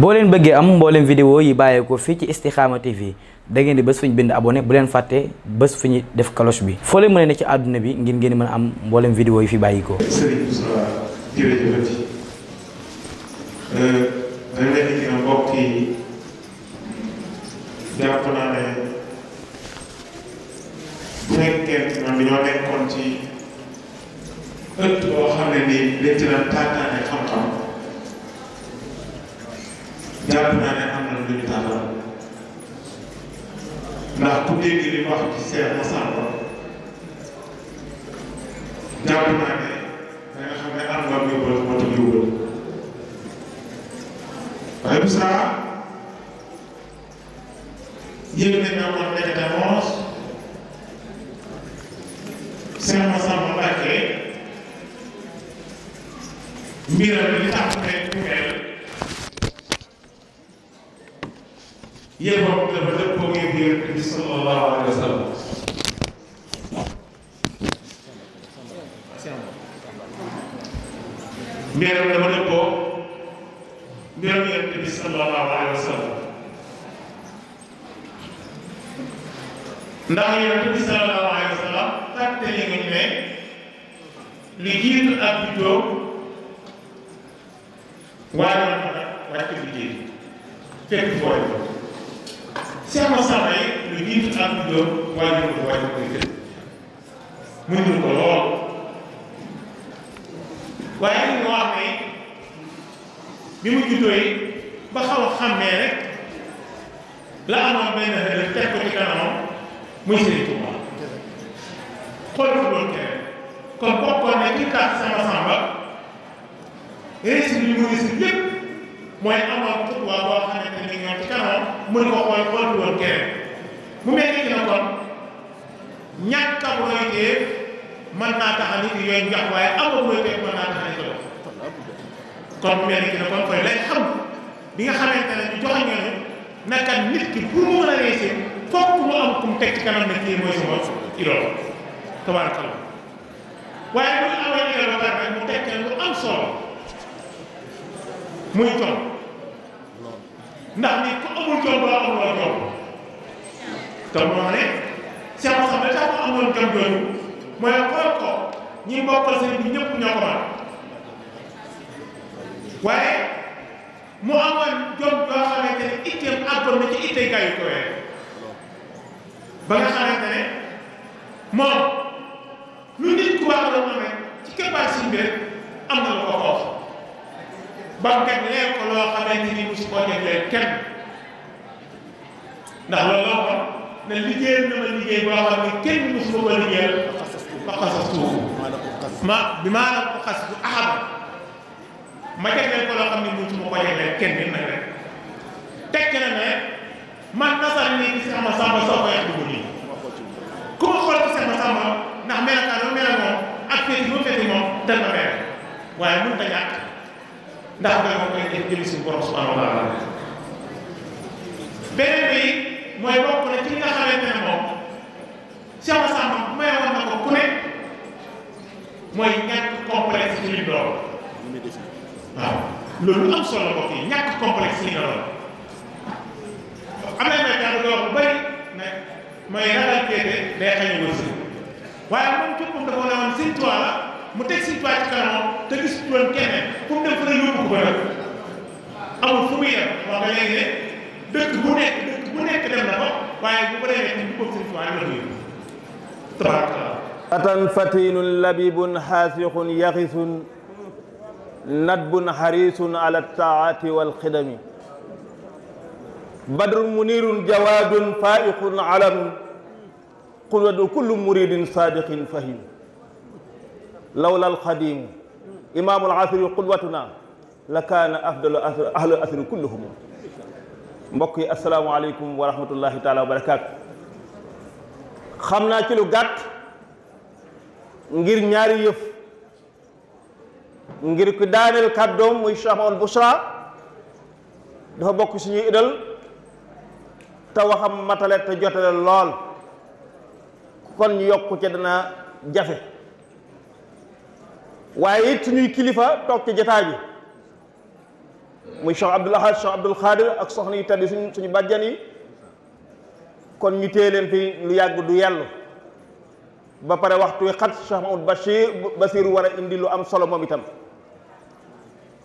boo leen bëggee am mbooleem vidéo yi bàyyeekoo fii ci Istikhama TV da ngeen di bés fu ñu bind abonné bu leen fàtte bés fu ñu def cloche bi foo leen mën a ci àdduna bi ngir ngeen mën a am mbooleem vidéo yi fi bàyyikoo Serigne euh, nekkoon ci ëtt xam ne nii dañ ci daan tàntaane xam-xam jàpp naa na lu ñu tàllal ndax ku dégg li wax ci Cheikh Massamba jàpp naa ne da nga xam ne am nga muy wër moo tax ñu wër waaye Moussa ne na woon nekk te moos Cheikh Massamba Mbacké mbiram li tax ne ku mel yéemam dafa dëppoo ngeen di yonent bi sallallahu alayhi wa sallam mbiram dafa dëppoo mbiram yonent bi sallallahu alayhi wa sallam ndax yonent bi sallallahu alayhi wa sallam tàttali nga ñu ne li jiitu ak juddoo waaye nag wàcc bi jiitu fekk fooy Cheikh Massamba yi lu jiitu ak lu doon waajur ko waajur koy jël muy dul ko lool waaye li moo xam ne bi mu juddoo yi ba xaw a xàmmee rek la amoon benn xel teg ko ci kanamam muy Sëriñ Tuubaa xool ko doon keneen kon bokkoon ne ci tax Cheikh Massamba réussite li mu réussite lépp mooy amoon mu ne ko xool xool woon keneen mu mel ni dina kon ñàkk a roy téef mën naa tax nit yooyu njax waaye amul roy téef mën naa tax a nit kon mu mel ni dina kon koy lay xam bi nga xamante ne ñu joxe ñooñu naka nit ki pour mu mën a réussir fokk mu am kum teg ci kanam ne kii mooy sama idole tabaarakallah waaye bu ñu amee idole ba pare mu teg lu am solo muy toog. ndax ni ku amul jom doo amul jom te moo ne Cheikh Moussa tax mu amoon jom jooju mooy xool ko ñi bokkal sëriñ bi ñëpp ñoo waaye mu amoon jom doo xamante ne itteem àggoon na ci ittee gaa yu ko weer ba nga xamante ne moom lu nit ku la moom rek ci kër baa si mbir am na lu ko xoox ba teg leen ko loo ni mosu koo defee kenn ndax loolu la ko ne liggéeyal na ma liggéey boo xam ne bi maa la ko xas bu axam ma ko loo xam ne mosu ma ko defee kenn nit nag rek tekk na ne man nasar nii gis ko yàq dugg nii ku ma xool gis nga ma sàmm moom ak féeti mu féeti moom dana mel waaye mënut a ndax doy moom koy def jëmi suñu borom subhanahu wa taala beneen bi mooy bokk na ci nga xamante ne moom sama sàmm bu may wax ko ne ko fii ñàkk complexe li nga doon am na may jàng doon bu bëri ne mooy ragal féete day xañ waaye moom képp dafa ne woon sëñ Tuubaa mu teg Sëñ Tuubaa ci kanam te gis ku doon keneen fu mu dem fa ne yóbbu ko ba amul fu muy yem wax nga léegi ne dëkk bu nekk dëkk bu nekk dem na ko waaye bu ko demee ni bu ko Sëñ Tuubaa la yóbbu tabaraka atan fatinun labibun xaasixun yaxisun nadbun xarisun ala taati walxidami badrun munirun jawaadun faiqun alamun qudwatu kullu muridin sadiqin fahim lawla alxadimu imaamu alasri qudwatuna la kaana afdalu ahlu asri kulluhum mbokk yi asalaamualeykum wa rahmatullahi wa barakaatu xam naa ci lu gàtt ngir ñaari yëf ngir ku daaneel kàddoom muy Cheikh Mahamad dafa bokk suñuy idal te waxam matale te jotale lool kon ñu yokk ca dana jafe waaye it suñuy kilifa toog ci jotaay bi muy Cheikh Abdoul Ahad Cheikh Abdoul Khadir ak soxna yu suñu suñu bàjjan yi kon ñu téye leen fi lu yàgg du yàlla ba pare waxtu wi xat Cheikh Mahmoud Bachir Bachir war a indi lu am solo moom itam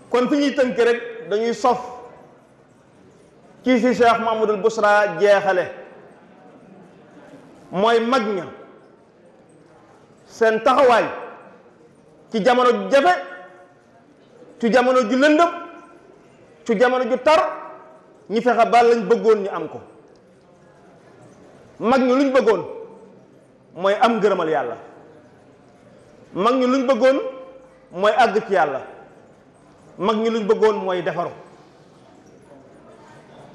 kon fi ñuy tënk rek dañuy sof kii si Cheikh Mahmoudul Busra jeexale mooy mag ña seen taxawaay ci jamono ju jafe ci jamono ju lëndëm ci jamono ju tar ñi fexe ba lañ bëggoon ñu am ko mag ñu luñ bëggoon mooy am ngërëmal yàlla mag ñu luñ bëggoon mooy àgg ci yàlla mag ñu luñ bëggoon mooy defaru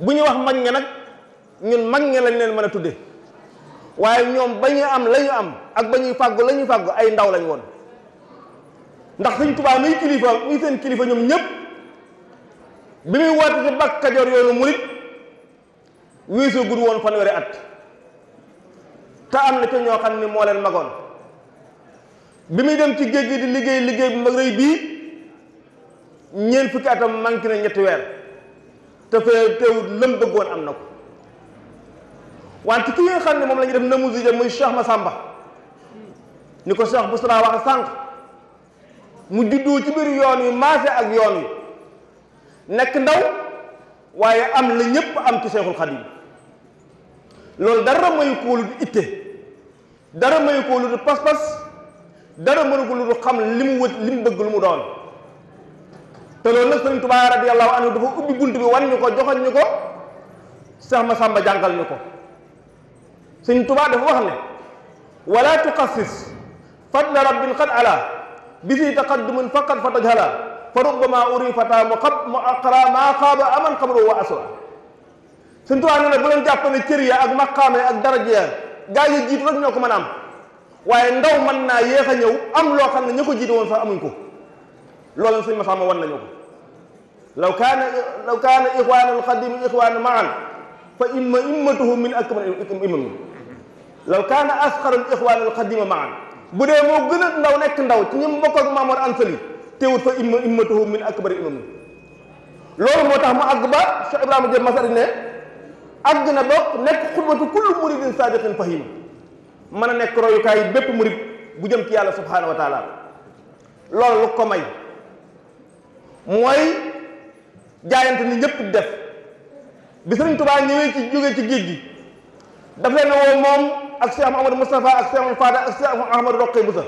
bu ñu wax mag ña nag ñun mag ña lañ leen mën a tudde waaye ñoom ba ñu am la ñu am ak ba ñuy fàggu la ñuy fàggu ay ndaw lañ woon ndax sëñ Tuubaa muy kilifa muy seen kilifa ñoom ñëpp bi muy woote ci Mbàkke Kajoor yoonu murit weesoo gud woon fanweeri at te am na ca ñoo xam ni moo leen magoon bi muy dem ci géej gi di liggéey liggéey bi mag rëy bii ñeent fukki atam manqué na ñetti weer te fee teewut lëm bëggoon am na ko wante ki nga xam ne moom la ñu def namusi ja muy Cheikh sàmba ni ko Cheikh Bousra wax sànq mu juddoo ci biir yoon wi maase ak yoon wi nekk ndaw waaye am la ñëpp am ci Seexul Xadiim loolu dara mayu ko lu du itte dara mayu ko lu du pas-pas dara mënu ko lu du xam li mu wët li mu bëgg lu mu doon te loolu nag Sëriñ Tuubaa radiyallaahu anhu dafa ubbi bunt bi wan ñu ko joxoon ñu ko Seex Masàmba jàngal ñu ko Sëriñ Tuubaa dafa wax ne wala tuqassis fadla rabbin qad ala bihi taqaddumun faqad fataj hala fa rubbama uri fata mu xab mu aqra maa xaaba aman xabru wa asra suñ tuwaa ne ne bu leen jàpp ne ak maqaame ak daraja ya gaa yi ñoo ko mën a am waaye ndaw mën naa yéex a ñëw am loo xam ne ña ko jiitu woon sax amuñ ko loolu suñ ma saama wan nañu ko law kaana law kaana ixwaanu alxadimi ixwaanu maan fa imma immatuhu min akbar imam law kaana asxaru alixwaanu alxadima maan bu dee moo gën a ndaw nekk ndaw ci ñi bokk ak Maamoor Ansali teewut fa imma immatuhu min akbari imam loolu moo tax mu àgg ba Cheikh Ibrahima Diop Masari ne àgg na ba nekk xutbatu kullu muridin sadiqin fahima mën a nekk royukaay bépp murid bu jëm ci yàlla subhanahu wa loolu lu ko may mooy jaayante ni ñëpp def bi Sëriñ Tuubaa ñëwee ci jógee ci géej gi daf leen woo moom ak Cheikh Mouhamadou Moustapha ak Cheikh Fada ak Cheikh Mouhamadou Roqe Boussa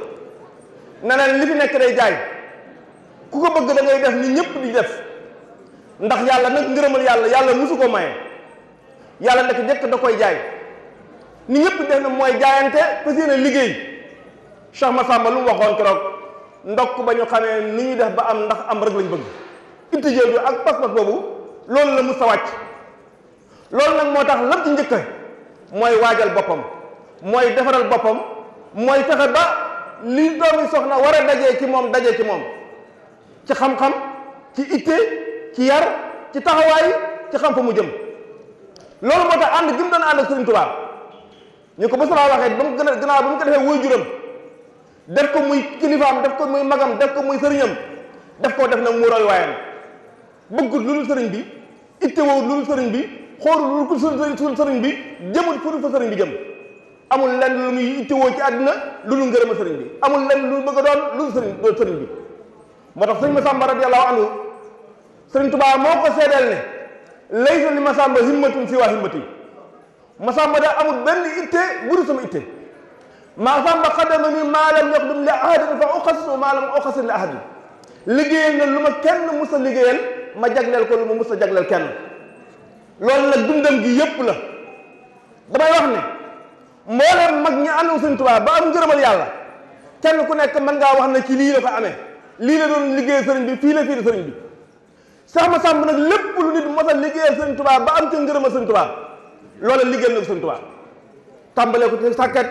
ne leen li fi nekk day jaay ku ko bëgg da ngay def ni ñëpp di def ndax yàlla nag ngërëmal yàlla yàlla musu ko maye yàlla nag njëkk da koy jaay ni ñëpp def na mooy jaayante fas yéene liggéey Cheikh Massamba lu mu waxoon keroog ndokk ba ñu xamee ni ñuy def ba am ndax am rek lañ bëgg ittijee bi ak pas-pas boobu loolu la musa wàcc loolu nag moo tax lépp ci njëkk mooy waajal boppam mooy defaral boppam mooy fexe ba li doomi soxna war a dajee ci moom daje ci moom ci xam-xam ci itte ci yar ci taxawaay ci xam fa mu jëm loolu moo tax ànd gi mu doon ànd ak Sëriñ Tuubaa ñu ko ba sama waxee ba mu gën a gannaaw ba mu ko defee woy juram def ko muy kilifaam def ko muy magam def ko muy sëriñam def koo def nag mu roy waayam bëggut lu sëriñ bi itte woo lu dul sëriñ bi xoolu lu dul sëriñ bi jëmul fu dul fa sëriñ bi jëm amul lenn lu muy ittewoo ci àddina lu lu ngërëma sëriñ bi amul lenn lu bëgg a doon lu sëriñ doon sëriñ bi moo tax sëriñ Masamba radiyallahu anhu sëriñ Tuubaa moo ko seedeel ne laysa li Masamba himmatun siwaa himmati Masamba da amul benn itte bu dul sama itte Masamba xadama ni maa lam yaxdum li ahadin fa uxassisu maa lam uxassis li ahadin liggéeyal na lu ma kenn mus a liggéeyal ma jagleel ko lu ma mus a jagleel kenn loolu nag dundam gi yépp la damay wax ne mboolem mag ñi àndoon sëñ Tuubaa ba am ngërëmal yàlla kenn ku nekk man ngaa wax na ci lii la ko amee lii la doon liggéey sëriñ bi fii la fii bi sax ma sàmb nag lépp lu nit mos a liggéeyal sëriñ Tuubaa ba am ca ngërëmal sëriñ Tuubaa loola liggéeyal na ko sëriñ Tuubaa tàmbalee ko ci sàkket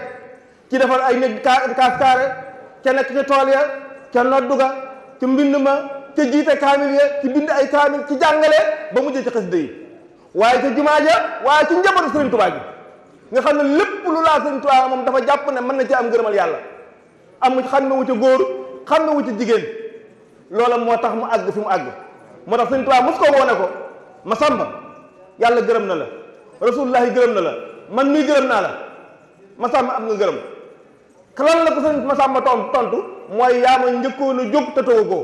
ci defar ay néeg kaas kaare ca nekk ca tool ya ca noddu ga ca mbind ma ca jiite kaamil ya ci bind ay kaamil ci jàngale ba mujjee ci xasida yi waaye ca jumaa ja waaye ci njabootu sëriñ Tuubaa nga xam ne lépp lu laa sëñ Tuubaa moom dafa jàpp ne mën na ci am ngërëmal yàlla am xam ne wu ca góor xam ne wu ca jigéen loola moo tax mu àgg fi mu àgg moo tax sëñ Tuubaa mos ko woone ko ma sàmba yàlla gërëm na la rasulullahi gërëm na la man mii gërëm naa la ma sàmba am nga gërëm lan la ko sëñ ma sàmba ton tontu mooy yaa ma a jóg te toogu ko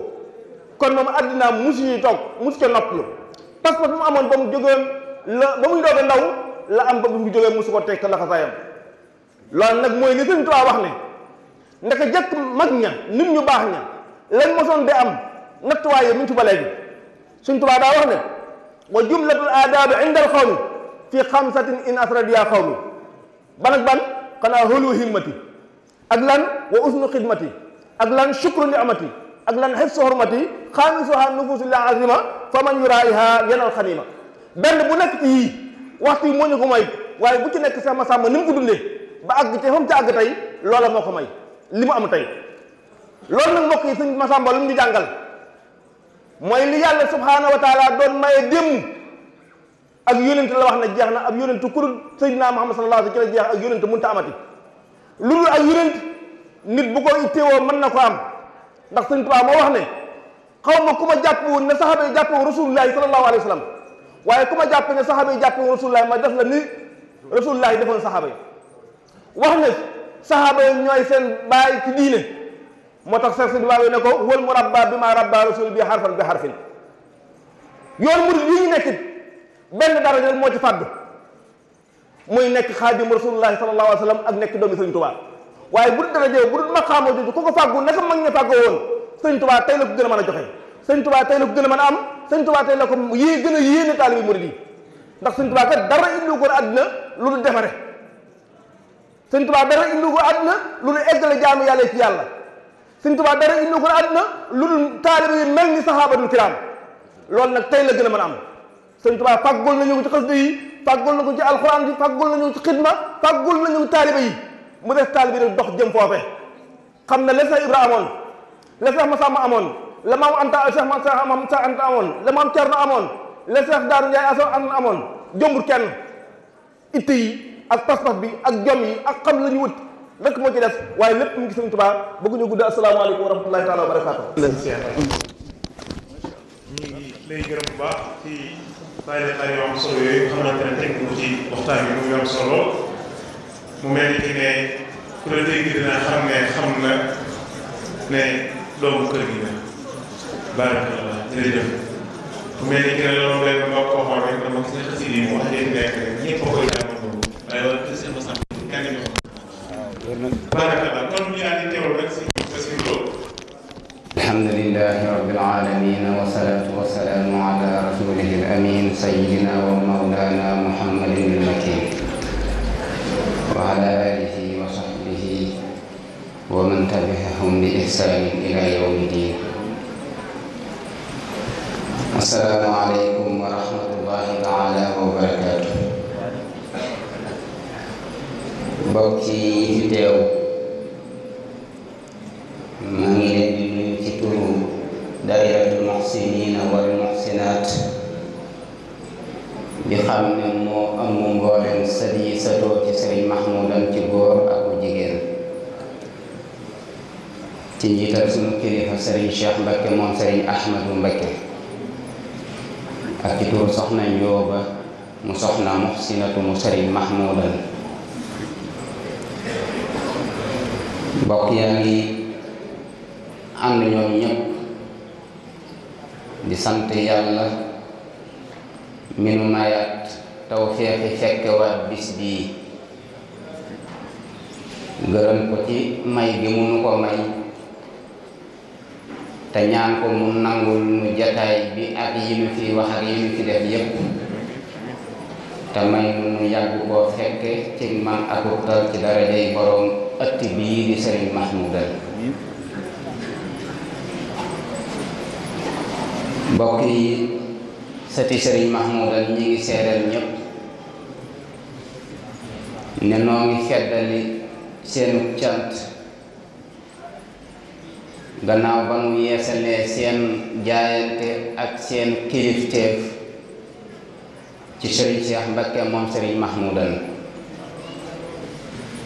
kon moom mu musu yi toog musu ca nopplu parce que mu amoon ba mu jógoon la ba muy doog ndaw la am ba bu mu jógee mosu ko teg te laxasaayam loolu nag mooy li Sëriñ Tuubaa wax ne ndaka jëkk mag ña nit ñu baax ña lañ mosoon di am nattuwaay yi mu ci ba léegi Sëriñ Tuubaa daa wax ne wa jumlatul aadaabi inda al xawmi fi xamsatin in asrad yaa xawmi ban ak ban xanaa hulu himmati ak lan wa usnu xidmati ak lan shukru ni'mati ak lan xifsu xormati xaamisuha nufusu la azima fa man yuraayiha yenal xanima benn bu nekk ci waxtu yi moo ñu ko may waaye bu ci nekk sama sàmm ni mu ko dundee ba àgg te fa mu ci àgg tey loola moo ko may li mu am tey loolu nag mbokk yi sëñ Masamba lu mu ñu jàngal mooy li yàlla subhaanahu wa taala doon maye démb ak yónent la wax na jeex na ak yónent ku dul Seydina Muhammad sallallahu alayhi wa sallam ci la jeex ak yónent mënut a amati lu ak yónent nit bu ko itteewoo mën na ko am ndax sëñ Tuubaa moo wax ne xaw ma ku ma jàpp woon ne saxaaba yi jàpp woon rasulullahi sallallahu alayhi wa sallam waaye ku ma jàpp ne saxaaba jàpp jàpp rasulullahi ma def la ni rasulullahi defoon saxaaba yi wax ne saxaaba yi seen baay ci diine moo tax seex si diwaawe ne ko wal mu rabba bi ma rabba rasul bi xarfan bi xarfin yoon murid yi ñu nekkit benn dara rek moo ci fàddu muy nekk xaadim rasulullahi sallallahu alayhi wa sallam ak nekk doomi sëriñ Tuubaa waaye bu dul dara jëw bu dul maqaamoo jooju ku ko fàggu naka mag ña fàggoo woon sëriñ Tuubaa tey la ko gën a mën a joxe sëriñ Tuubaa tey la ko gën mën a am sëñ Tuubaa tey la ko yii gën a yéene taalibe murid yi ndax sëñ Tuubaa kat dara indiwu ko àddina lu dul defare sëñ Tuubaa dara indiwu ko àddina lu dul eggale jaamu yàlla ci yàlla sëñ Tuubaa dara indiwu ko àddina lu dul taalibe yi mel ni saxaabatul kiraam loolu nag tey la gën a mën a am sëñ Tuubaa fàggul nañu ko ci xasida yi fàggul na ko ci alxuraan bi fàggul nañu ci xidma fàggul nañu taalibe yi mu def taalibe yi dox jëm foofe xam na la sa Ibra amoon la la maam Anta Cheikh man Cheikh maam Cheikh Anta amoon la maam Thierno amoon la Cheikh Daaru Ndiaye aso an amoon jombul kenn itte yi ak pas-pas bi ak jom yi ak xam la ñu wut rek moo ci des waaye lépp mu ngi Sëriñ Tuubaa bëgguñu gudd asalaamaaleykum wa rahmatullahi taala wa barakaatu ñu ngi lay gërëm bu baax ci bàyyi xaar yu am solo yooyu xamante ne teg ko ci waxtaan bi mu am solo mu mel ni ne ku la dégg dina xam ne xam na ne doomu kër gi la barakallah jërëjëf bu mel ni que loolu rek ma ko waxoon rek dama gis ne xasida yi mu wax leen nekk rek ñëpp a koy jàng boobu waaye wala kër seen masam kenn ñu ko. barakallah kon ñu daal di teewlu rek si parce que loolu. alhamdulilah rabbil alamin wa salaatu wa salaamu ala rasulihi al amin sayyidina wa mawlana muhammadin al makin wa ala alihi wa sahbihi wa man tabi'ahum bi ihsanin ila yawmi din asalaamaaleykum wa rahmatullahi taala wa barakaatu mbokk yi fi teew leen di nuyu ci turu daayiratul muxsinina wal muxsinaat bi xam ne moo amu mboolem sëriñ satoo ci sëriñ Mahmoudan ci góor ak jigéen ci njiital sunu kilifa sëriñ Cheikh Mbakke moom sëriñ Ahmadu Mbakke ak ci tur soxna Njóoba mu soxna Muxsinatu mu sëriñ Mahmudan mbokk yaa ngi ànd ñoom ñëpp di sant yàlla mi nu mayaat tawféexi fekkewaat bis bii gërëm ko ci may gi mu nu ko may te ñaan ko mu nangul nu jataay bi ak yi nu fi wax ak yi nu fi def yépp te may nu nu yàgg koo fekke ci man ak tal ci darajay boroom ëtt bii di Sëriñ Mahmoudal mbokk yi sëti Sëriñ Mahmoudal ñi ngi seedal ñépp ne noo ngi feddali seenu cant gannaaw ba mu yeesalee seen jaayante ak seen kilifteef ci sëriñ Cheikh Mbakke moom sëriñ Mahmoudan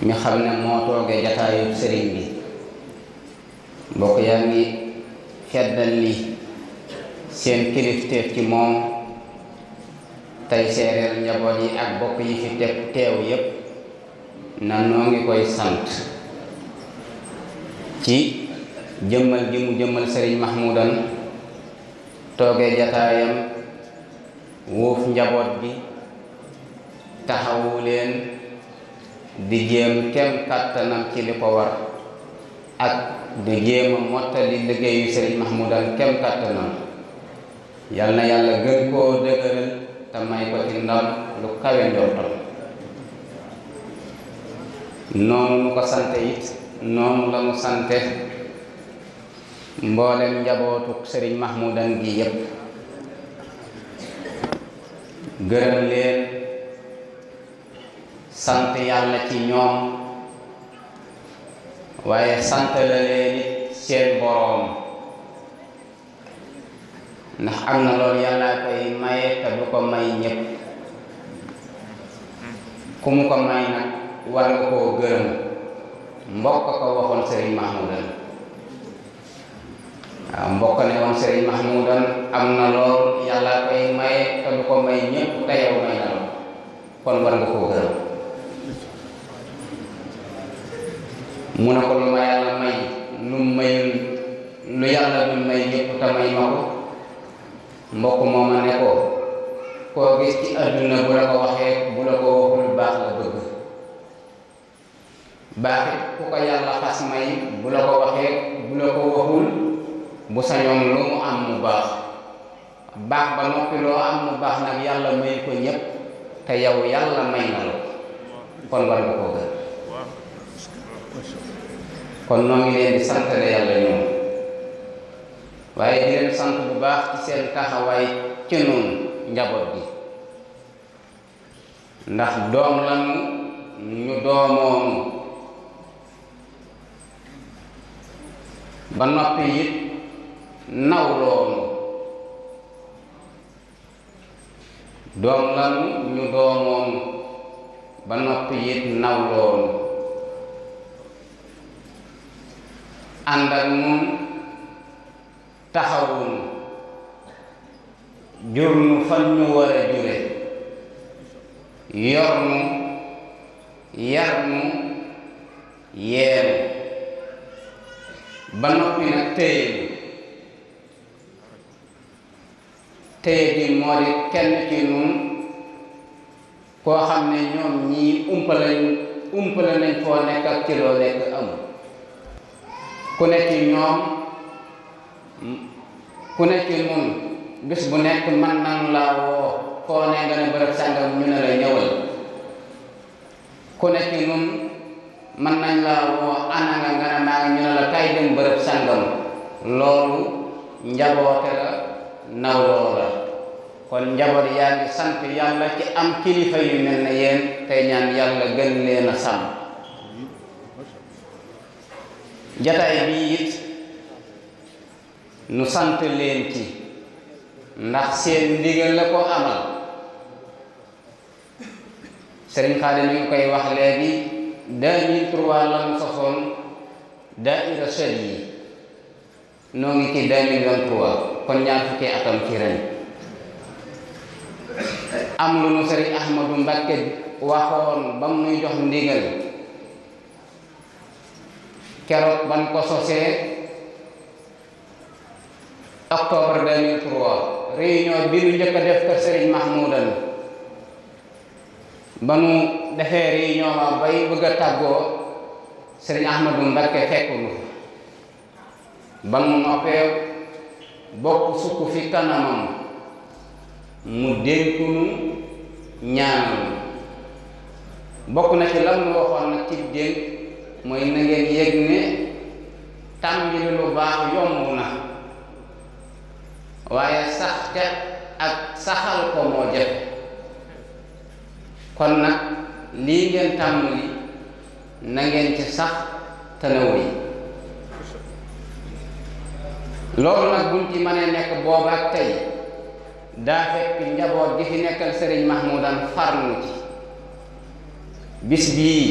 mi xam ne moo toogee jataayu sëriñ bi mbokk yaa ngi feddal li seen kilifteef ci moom tey seereel njaboot yi ak bokk yi fi teew yépp na noo ngi koy sant ci jëmmal ji mu jëmmal sëriñ Mahmoudan tooge jataayam wuuf njaboot bi taxawu leen di jéem kem kàttanam ci li ko war ak di jéem a mottali liggéeyu sëriñ Mahmoudan kem kàttanam yal na yàlla gën koo dëgëral te may ko ci ndam lu kawe njortam noonu mu ko sante it noonu la mu sante mboolem njabootu sëriñ Mahmoudan gi yépp gërëm leen sant yàlla ci ñoom waaye sant la leen it seen boroom ndax am na loolu yàlla koy maye te du ko may ñépp ku mu ko may nag war nga koo gërëm mbokk ko waxoon sëriñ Mahmoudan waaw ah, mbokk ne woon Serigne Mahmoudan am na lool yàlla koy maye te du ko may ñëpp te yow may na lool kon war nga koo gërëm mu ne ko lu ma yàlla may lu mayul lu yàlla du may ñëpp te ma ko mbokk mooma ne ko koo gis ci àdduna bu la ko waxee bu la ko waxul baax la bëgg baaxit ku ko yàlla xas may bu la ko waxee bu la ko waxul bu sañoon lu mu am mu baax baax ba noppi loo am mu baax nag yàlla may ko ñépp te yow yàlla may na la kon war nga koo gën kon noo ngi leen di santale yàlla ñoom waaye di leen sant bu baax ci seen taxawaay ci noonu njaboot gi ndax doom lanu ñu doomoonu ba noppi it nawloo nu doom lanu ñu doomoon ba noppi it nawloo ànd ak nun taxawuñu jur nu fan ñu war a jure yor nu yar nu yeenu ba noppi nag téye tey bi moo di kenn ci nun koo xam ne ñoom ñii umpale umpale nañ foo nekk ak ci loo lekk ku ne ñoom ku ne ci bis bu nekk man nan laa woo koo ne nga ne bërëb sàngam ñu ne la ñëwal ku ne nun man nañ laa woo ana nga nga ne maa ngi ñu ne la kay dem bërëb sàngam loolu njaboote la nawloo la kon njaboot yaa sant yàlla ci am kilifa yu mel ne yéen tey ñaan yàlla gën leen sàmm jataay bi it nu sant leen ci ndax seen ndigal la ko amal sëriñ Xaadim mi koy wax léegi 2003 lan sosoon daayira sët yi noo ngi ci 2023 kon ñaar fukki atam ci ren am lu nu sëriñ Ahmadu Mbàkke waxoon ba mu nuy jox ndigal keroog ban ko sosee octobre 2003 réunion bi nu njëkk a def kër sëriñ Mahmoudan ba nu defee réunion ma bay bëgg tàggoo sëriñ Ahmadu Mbàkke fekku ba mu noppee bokk sukk fi kanamam mu dénkunu ñaanam bokk na ci lan lu waxoon nag ci dénk mooy na yëg ne tàmbali lu baax yomb na waaye sax ca ak saxal ko moo jafe kon nag lii ngeen tàmbali na ngeen ci sax te yi loolu nag buñ ci mënee nekk boobaak tey daa fekk njaboot gi fi nekkal sëriñ Mahmoudan farlu ci bis bii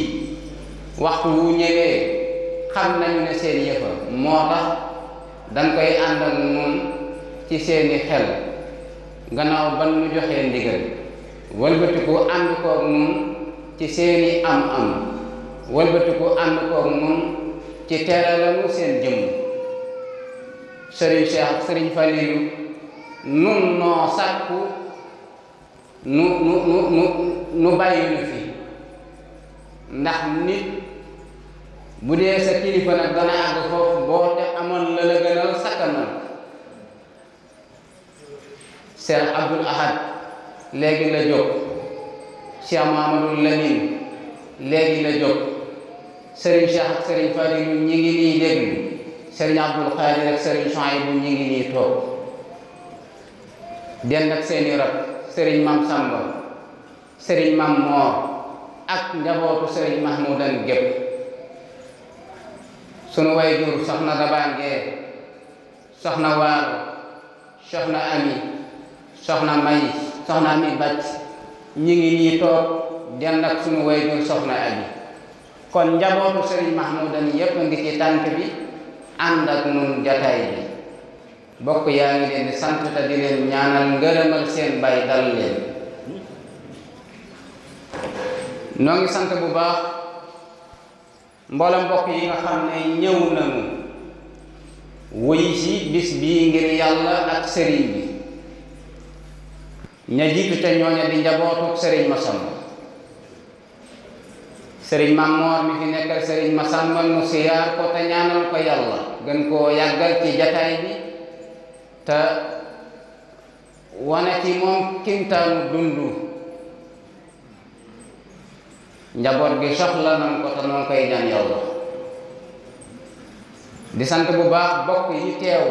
waxtu wu ñëwee xam nañu ne seen yëfa moo tax dañ koy ànd ak ñun ci seeni xel gannaaw ban nu joxee ndigal wëlbatiku ànd koog ñun ci seeni am am wëlbatiku ànd koog ñun ci teralamu seen jëmm sëriñ Cheikh ak sëriñ Falilu nun noo sàkku nu nu nu nu nu bàyyi nu fi ndax nit bu dee sa kilifa nag dana àgg foofu boo te amoon la la gënal sakkanal Cheikh Abdul Ahad léegi la jóg Cheikh Mahamadul Lamin léegi la jóg sëriñ Cheikh ak sëriñ Falilu ñi ngi nii déglu Serigne Abdul Xaadir ak Serigne Souhaïbou ñu ngi nii toog dend ak seeni rak Serigne Mam Samba Serigne Mam Moor ak njabootu Serigne Mahmoudan gépp sunu waajur soxna Dabangee soxna Waalo soxna Ami soxna May soxna Ami Bàcc ñu nii toog dend ak sunu waajur soxna Ami kon njabootu Serigne Mahmoudan yépp ngi ci tànk bi ànd ak nun jataay bi bokk yaa ngi leen di sant te di leen ñaanal ngërëmal seen bay dal leen noo sant bu baax mboolem mbokk yi nga xam ne ñëw nañu wuy si bis bii ngir yàlla ak sëriñ bi ña jiitu te ñooña di njabootuk sëriñ Masamba sëriñ Mamoor mi fi nekkal sëriñ Masamba mu siyaar ko te ñaanal ko yàlla gën koo yàggal ci jataay bi te wane ci moom kintaanu dundu njaboot gi soxla nañ ko te noonu koy ñaan yow la di sant bu baax bokk yi teew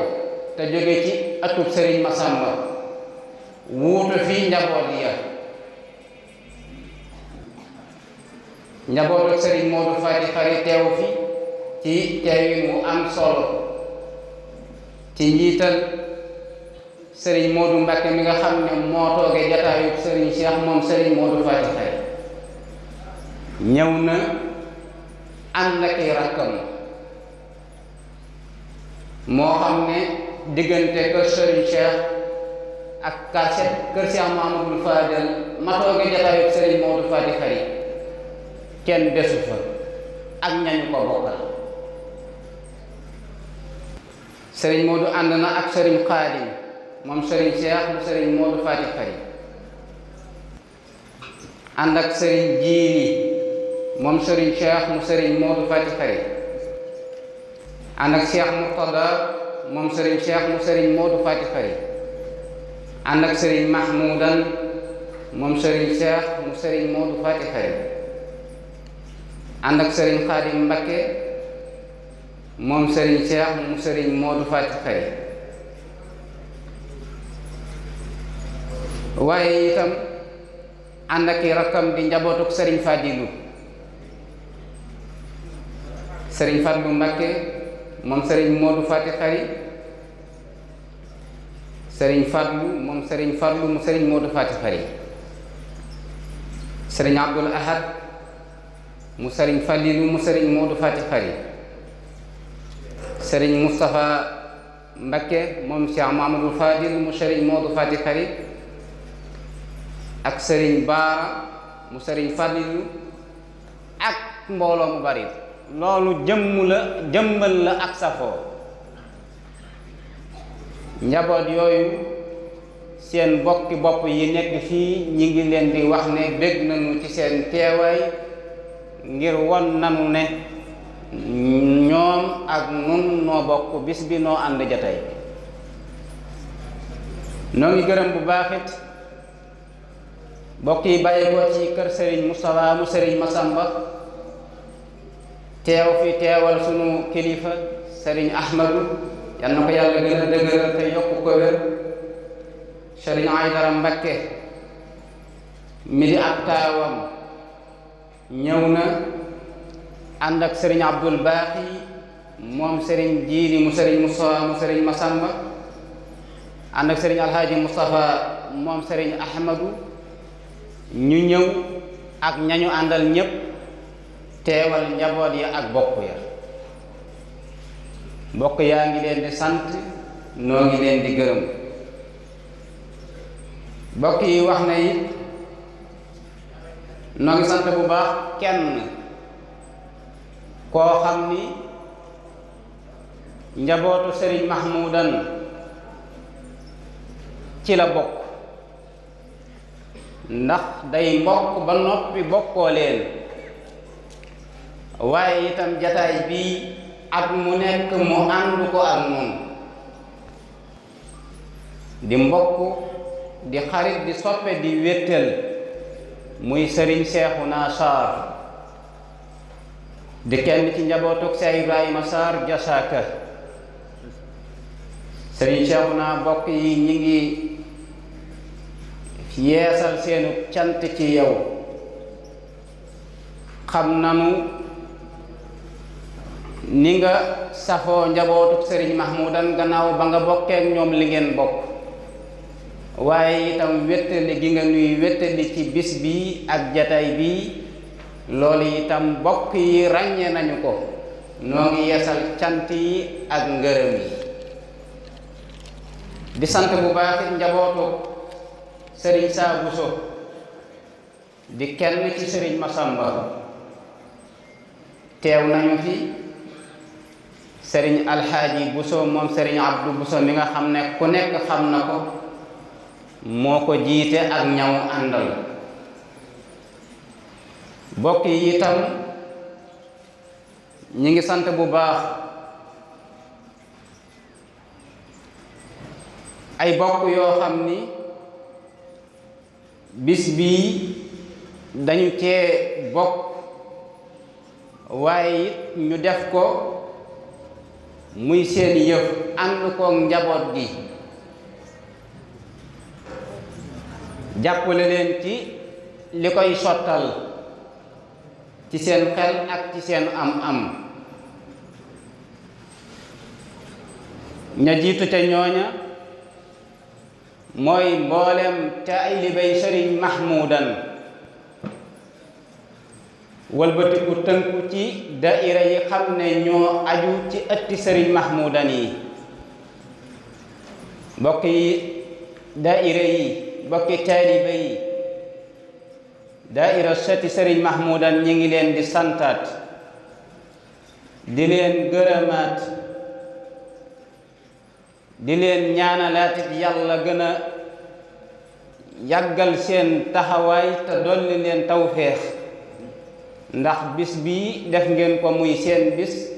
te jóge ci atub sëriñ Masamba wuutu fii njaboot ya njabootu sëriñ Modou Fati Fari teew fi ci teewi mu am solo ci njiital sëriñ Modou Mbacke mi nga xam ne moo toogee jataayu sëriñ Cheikh moom sëriñ Modou Fati Faye ñëw na ànd ak i rakkam moo xam ne diggante kër sëriñ Cheikh ak kacet kër Cheikh Mamadou Fadel ma toogee jataayu sëriñ Modou Fati Faye kenn desu fa ak ñañu ko bokkal sëriñ Modou ànd na ak sëriñ Xaadim moom sëriñ Cheikh bu sëriñ Modou Fatick Fay ànd ak sëriñ Jiili moom sëriñ Cheikh mu sëriñ Modou Fatick Fay ànd ak Cheikh Murtada moom sëriñ Cheikh mu sëriñ Modou Fatick Fay ànd ak sëriñ Mahmoudan moom sëriñ Cheikh mu sëriñ Modou Fatick Fay ànd ak sëriñ Xaadim Mbakke moom sëriñ Cheikh mu sëriñ Modou Faty Faye waaye itam ànd ak i rakkam di njabootuk sëriñ Fadilou sëriñ Fadilou Mbacké moom sëriñ Modou Faty Faye sëriñ Fadilou moom sëriñ Fadilou mu sëriñ Modou Faty Faye sëriñ Abdoul Ahad mu sëriñ Fadilou mu sëriñ Modou Faty Faye sëriñ Moustapha Mbakke moom Cheikh Mahamadul Fadil mu sëriñ Moodu Fati Xari ak sëriñ Baara mu sëriñ Fadilu ak mbooloo mu bari loolu jëmm la jëmmal la ak safoo njaboot yooyu seen bokki bopp yi nekk fii ñi ngi leen di wax ne bég nañu ci seen teewaay ngir won nanu ne ñoom ak nun noo bokk bis bi noo ànd jatay noo ngi gërëm bu baaxit bokk yi bàyyi ko ci kër sëriñ Moustapha sëriñ Masamba teew fi teewal sunu kilifa sëriñ Ahmadu yal na ko yàlla gën a dëgëral te ko wér sëriñ Aydara Mbakke mi di ab taawam ñëw na ànd ak sëriñ Abdul Baaxi moom sëriñ Jiili mu sëriñ Musaa mu sëriñ Masamba ànd ak sëriñ Alhaaji Mustafa moom sëriñ Ahmadu ñu ñëw ak ñañu àndal ñépp teewal njaboot yi ak bokk ya bokk yaa ngi leen di sant noo ngi leen di gërëm bokk yi wax na it noo ngi sant bu baax kenn koo xam ni njabootu sëriñ mahmudan ci la bokk ndax day mbokk ba noppi bokkoo leen waaye itam jataay bii ak mu nekk mu ànd ko ak moom di mbokk di xarit di soppe di wéttal muy sëriñ seexu naa saar di kenn ci njabootug Seex masaar Sarr Diasaka Serigne Cheikhouna bokk yi ñu ngi yeesal seenu cant ci yow xam nanu ni nga safoo njabootug Serigne Mahmoudan gannaaw ba nga bokkeek ñoom li ngeen bokk waaye itam wéttali gi nga nuy wéttali ci bis bi ak jataay bi loolu yitam bokk yi ràññee nañu ko noo ngi yeesal cant yi ak ngërëm yi di sant bu baax njabootu sëriñ Saa Buso di kenn ci sëriñ Masamba teew nañu fi sëriñ Alxaaji Buso moom sëriñ Abdu Buso mi nga xam ne ku nekk xam na ko moo ko jiite ak ñaw àndal bokk yi itam ñi ngi sant bu baax ay bokk yoo xam ni bis bii dañu cee bokk waaye it ñu def ko muy seen yëf ànd koog njaboot gi jàppale leen ci li koy sottal ci seen xel ak ci seen am-am ña jiitu ca ñooña mooy mboolem taalibay sëriñ mahmudan wëlbatiku tënku ci daira yi xam ne ñoo aju ci ëtti sëriñ mahmudan yi bokki daira yi bokki taaliba yi daaira sëti sëriñ mahmudan ñi ngi leen di santaat di leen gërëmaat di leen ñaanalaatit yàlla gën a yàggal seen taxawaay te dolli leen tawféex ndax bis bi def ngeen ko muy seen bis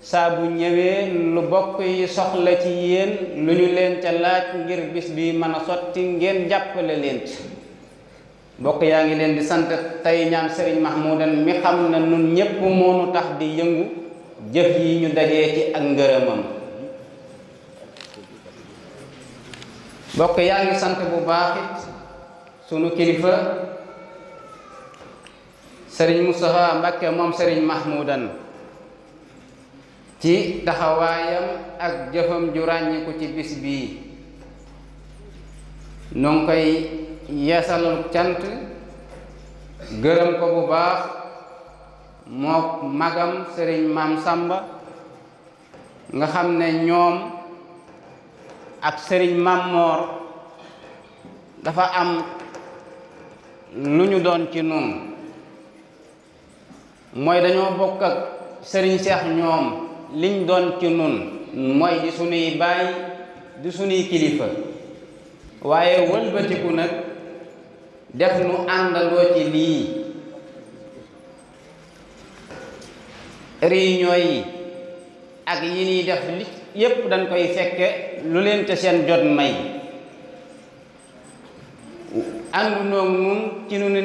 saabu bu ñëwee lu bokk yi soxla ci yéen lu ñu leen ca laaj ngir bis bi mën a sotti ngeen jàppale leen ci mbokk yaa ngi leen di sant tey ñaan Serigne Mahmoudan mi xam na nun ñépp moonu tax di yëngu jëf yi ñu dajee ci ak ngërëmam bokk yaa ngi sant bu baax sunu kilifa Serigne Moustapha Mbacké moom Serigne Mahmoudan ci taxawaayam ak jëfam ju ràññiku ci bis bii noo ngi koy yeesalal cant gërëm ko bu baax magam sëriñ maam sàmba nga xam ne ñoom ak sëriñ maam dafa am lu ñu doon ci nun mooy dañoo bokk ak sëriñ seex ñoom liñ doon ci nun mooy di sunuy baay di sunuy kilifa waaye wëlbatiku nag def nu àndandoo ci lii réunion yi ak yi ñuy def li yépp dañ koy fekke lu leen te seen jot may àndunoo nun ci nu ne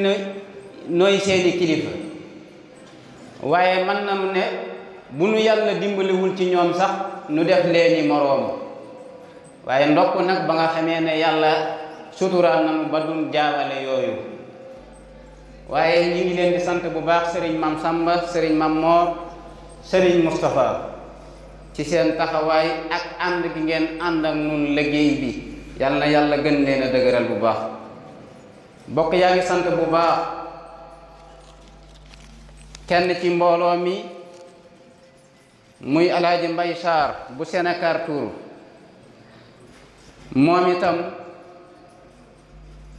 nooy seeni kilifa waaye man na mu ne bu nu yàlla dimbaliwul ci ñoom sax nu def leeni moroom waaye ndokk nag ba nga xamee ne yàlla suturaal nañu ba duñ jaawale yooyu waaye ñi ngi leen di sant bu baax sëriñ Mam sàmba sëriñ Mam Moor sëriñ Moustapha ci seen taxawaay ak ànd bi ngeen ànd ak nun liggéey bi yal na yàlla gën leen a dëgëral bu baax bokk yaa ngi sant bu baax kenn ci mbooloo mi muy alaaji Mbay Saar bu Sénégal Tour moom itam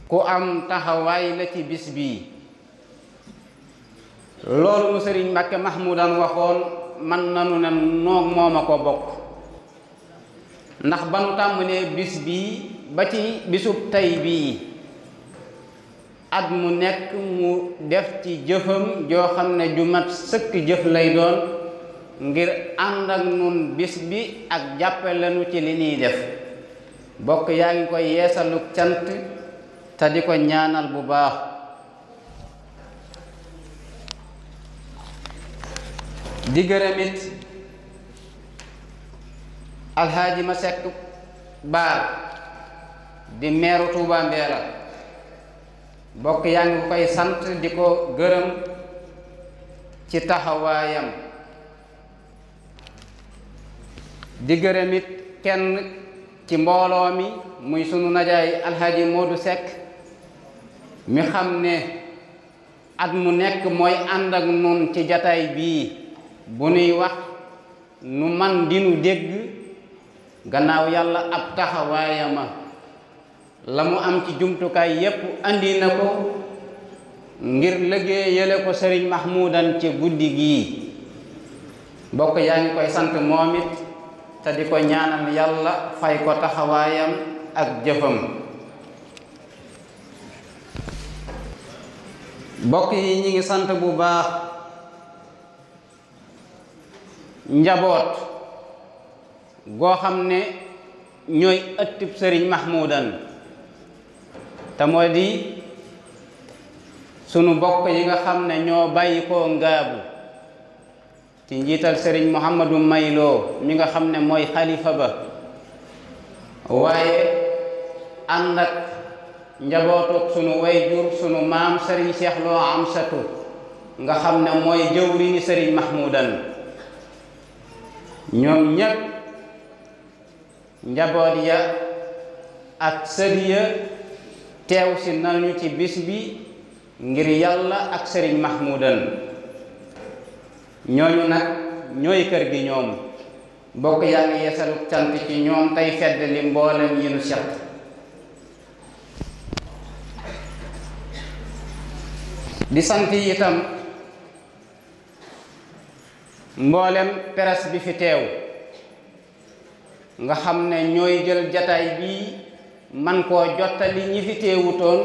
ku am taxawaay la ci bis bii loolu mu sëriñ Mbàkke Mahmoudan waxoon man nanu ne noog moom a ko bokk ndax ba nu tàmbalee bis bii ba ci bisub tey bii at mu nekk mu def ci jëfam joo xam ne ju mat sëkk jëf lay doon ngir ànd ak nun bis bi ak jàppale nu ci li ñuy def bokk yaa ngi koy yeesalu cant te di ko ñaanal bu baax di gërëmit alxaaji ma sekk baar di meeru Tuuba Mbeela bokk yaa ngi koy sant di ko gërëm ci taxawaayam di gërëmit kenn ci mbooloo mi muy sunu najaay alxaaji du Sekk mi xam ne at mu nekk mooy ànd ak nun ci jataay bii bu nuy wax nu man di dégg gannaaw yàlla ab taxawaayama la mu am ci jumtukaay yépp indi na ko ngir liggéeyale ko sëriñ Mahmoudan ci guddi gii bokk yaa ngi koy sant moom it te di ko ñaanal yàlla fay ko taxawaayam ak jëfam mbokk yi ñu ngi sant bu baax njaboot goo xam ne ñooy ëttib sëriñ Mahmoudan te moo di sunu mbokk yi nga xam ne ñoo bàyyi koo ngaabu ci njiital sëriñ Mouhamadou Mayloo mi nga xam ne mooy xalifa ba waaye ànd ak njabootuk sunu wayjur sunu maam sëriñ Cheikh Lo Amsatu nga xam ne mooy jëw jëwriñu sëriñ Mahmoudan ñoom ñépp njaboot ya ak sët ya teew si nañu ci bis bi ngir yàlla ak sëriñ Mahmoudan ñooñu nag ñooy kër gi ñoom bokk yaa ngi yeesaluk cant ci ñoom tey fedd li mboolem yi nu set di sant itam mboolem presse bi fi teew nga xam ne ñooy jël jataay bii man koo jottali ñi fi teewutoon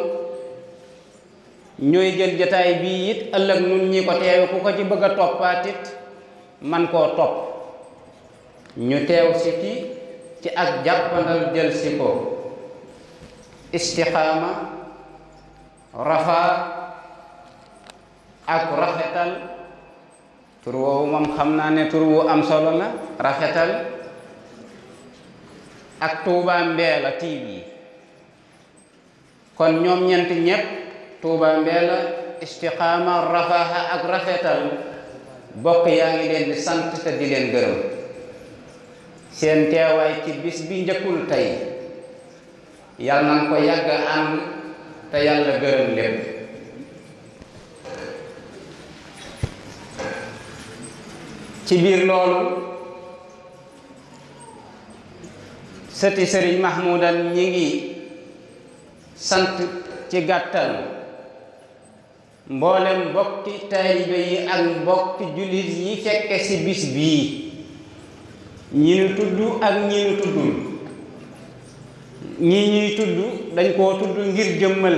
ñooy jël jataay bii it ëllëg nun ñi ko teewe ku ko ci bëgg a toppaatit man koo topp ñu teew siti ci ak jàppandal jël si istiqaama rafa ak rafetal tur moom xam naa ne tur wu am solo la rafetal ak Touba Mbella TV kon ñoom ñent ñépp Touba Mbella istiqaama rafaha ak rafetal bokk yaa ngi leen di sant te di leen gërëm seen teewaay ci bis bi njëkkul tey yàlla na ko yàgg ànd te yàlla gërëm lépp ci biir loolu sëti sëriñ Mahmoudan ñi ngi sant ci gàttal mboolem mbokki taalibe yi ak mbokki jullit yi fekke ci bis bii ñi nu tudd ak ñi tuddul ñi ñuy tudd dañ koo tudd ngir jëmmal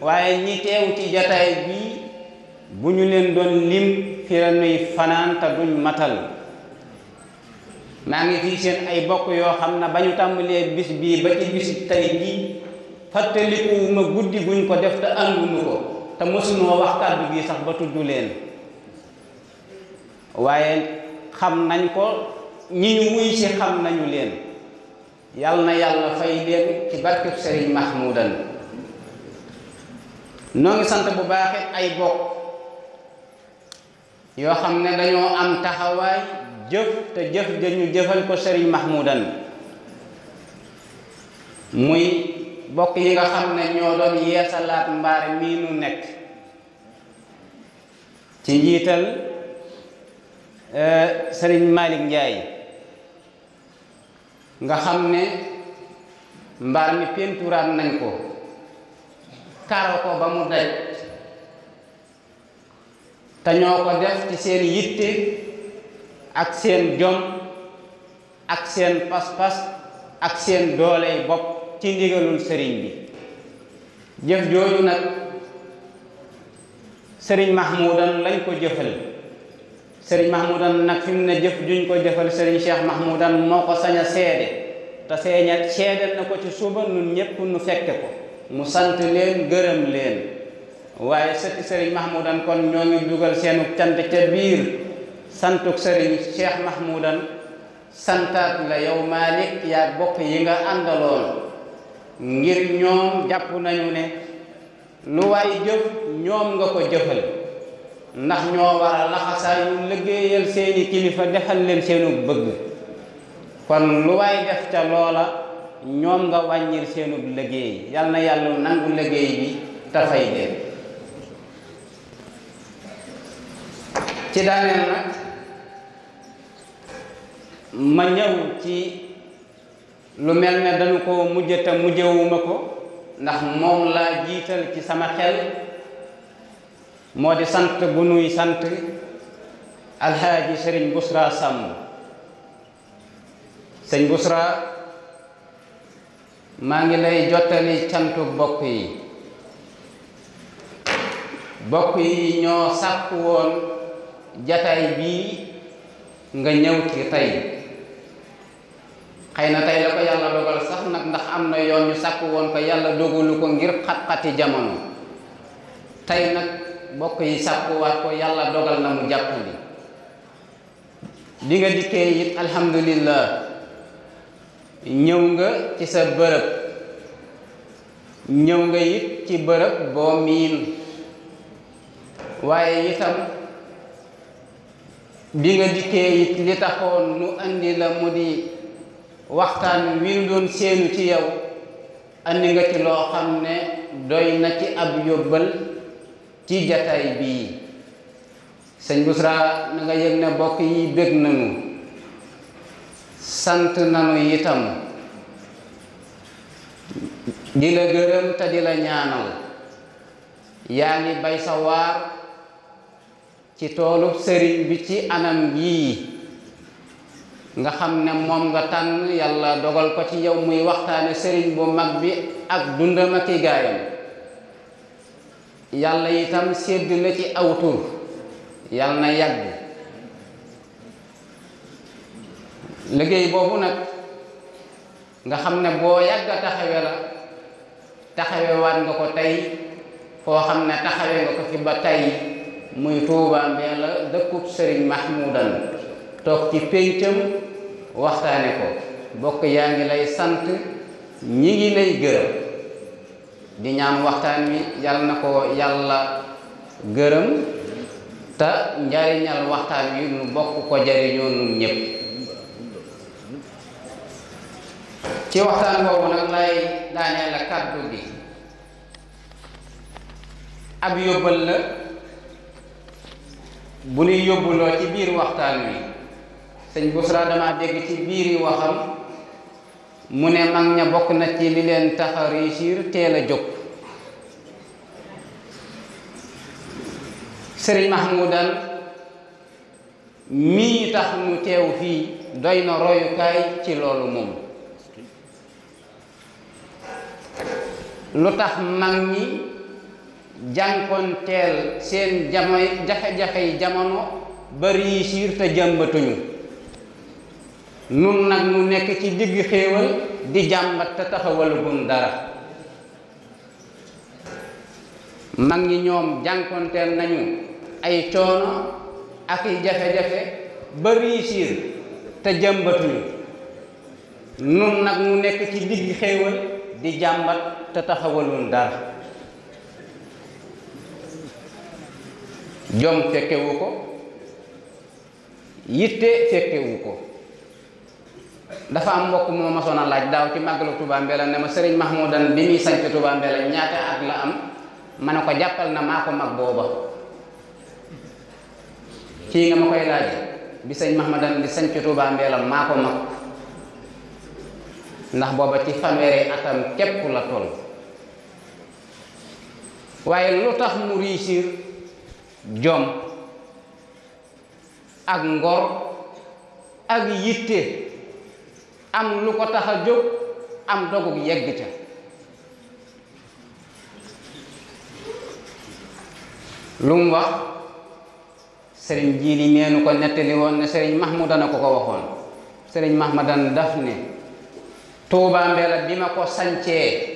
waaye ñi teew jataay bii bu ñu leen doon lim ci la nuy fanaan te duñ matal maa ngi fii seen ay bokk yoo xam ne ba ñu tàmbalee bis bii ba ci bis tey jii fàttalikuwuma guddi guñ ko def te ànduñu ko te mësunoo wax kàddu gi sax ba tudd leen waaye xam nañ ko ñi ñu wuy si xam nañu leen yàlla na yàlla fay leen ci barkeb Sëriñ Mahmoudan noo sant bu baaxit ay bokk yoo xam ne dañoo am taxawaay jëf te jëf ja ñu jëfal ko sëriñ Mahmoudan muy bokk yi nga xam ne ñoo doon yeesalaat mbaar mii nu nekk ci njiital euh, sëriñ Malick njaay nga xam ne mbaar mi penturaat nañ ko karo ko ba mu daj te ñoo ko def ci seen yitte ak seen jom ak seen pas-pas ak seen dooley bopp ci ndigalul sëriñ bi jëf jooju nag sëriñ Mahmoudan lañ ko jëfal sëriñ Mahmoudan nag fi mu ne jëf juñ ko jëfal sëriñ Cheikh Mahmoudan moo ko sañ a seede te seeña seedal na ko ci suba nun ñépp nu fekke ko mu sant leen gërëm leen waaye sëti sëriñ mahmoudan kon ñoo ngi dugal seenu cant ca biir santuk sëriñ cheikh mahmoudan santaat la yow Malick yaa bopp yi nga àndaloon ngir ñoom jàpp nañu ne lu waay jëf ñoom nga ko jëfal ndax ñoo war a laxasaayu liggéeyal seeni kilifa defal leen seenu bëgg kon lu waay def ca loola ñoom nga wàññil seenu liggéey yal na yàlla nangu liggéey bi tafay ci daaneel nag ma ñëw ci lu mel ne dañu ko mujjata mujjewuma ko ndax moom laa jiital ci sama xel moo di sant bu nuy sant alxaaji sëriñ busra sàmm sëñ busra maa ngi lay jottali cantu bokk yi bokk yi ñoo sàkk woon jataay bii nga ñëw ci tey xëy na tey la ko yàlla dogal sax nag ndax am na yoon ñu sàkk woon ko yàlla dogalu ko ngir xat-xati jamono tey nag bokk yi sàkkuwaat ko yàlla dogal na mu jàppandi bi nga dikkee it alhamdulillah ñëw nga ci sa bërëb ñëw nga it ci bërëb boo miin waaye itam bi nga dikkee it li taxoon nu andi la mu di waxtaan wi nu doon ci yow andi nga ci loo xam ne doy na ci ab yóbbal ci jataay bii sëñ Busra na nga yëg ne bokk yi bég nañu sant nañu itam di la gërëm te di la ñaanal yaa ngi bay sa waar ci toolu sëriñ bi ci anam yii nga xam ne moom nga tànn yàlla dogal ko ci yow muy waxtaane sëriñ bu mag bi ak dundam ak i gaayam yàlla itam sédd la ci aw tur yàlla na yàgg liggéey boobu nag nga xam ne boo yàgga taxawe la taxawe nga ko tey foo xam ne taxawe nga ko fi ba tey muy Tuubaa la dëkku Sëriñ Mahmoudan toog ci péncam waxtaane ko bokk yaa ngi lay sant ñi ngi lay gërëm di ñaan waxtaan wi yàlla na ko yàlla gërëm te njariñal waxtaan wi nu bokk ko jariñoo ñépp ci waxtaan boobu nag lay daanee la kàddu gi ab yóbbal la bu ñuy yóbbuloo ci biir waxtaan wi sëñ Busra dama dégg ci biir yi waxam mu ne mag ña bokk na ci li leen tax a réussir teel a jóg sëriñ Mahmoudan mii tax mu teew fii doy na royukaay ci loolu moom lu tax mag ñi jànkonteel seen jamoy jafe-jafey jamono ba réussir te jàmbatuñu nun nag mu nekk ci digg xéewal di jàmbat te taxawalagun dara mag ñi ñoom jànkoonteel nañu ay coono ak i jafe-jafe ba réussir te jàmbatuñu nun nag mu nekk ci digg xéewal di jàmbat te taxawaloon dara jom fekkewu ko yitte fekkewu ko dafa am mbokk moo ma soon a laaj daaw ci màggalu Touba Mbella ne ma sëriñ Mahmoudan bi muy sanc Touba Mbella ñaata at la am ma ne ko jàppal na maa ko mag booba kii nga ma koy laaj bi sëñ Mahmoudan bi sanc Touba Mbella maa ko mag ndax booba ci fanweeri atam képp la toll waaye lu tax mu réussir jom ak ngor ak yitte am lu ko tax a jóg am dogug yegg ca lu mu wax sëriñ jiili meenu ko nettali woon ne sëriñ mahmudana ko ko waxoon sëriñ mahmudana daf ne tuubaa mbeela bi ma ko sancee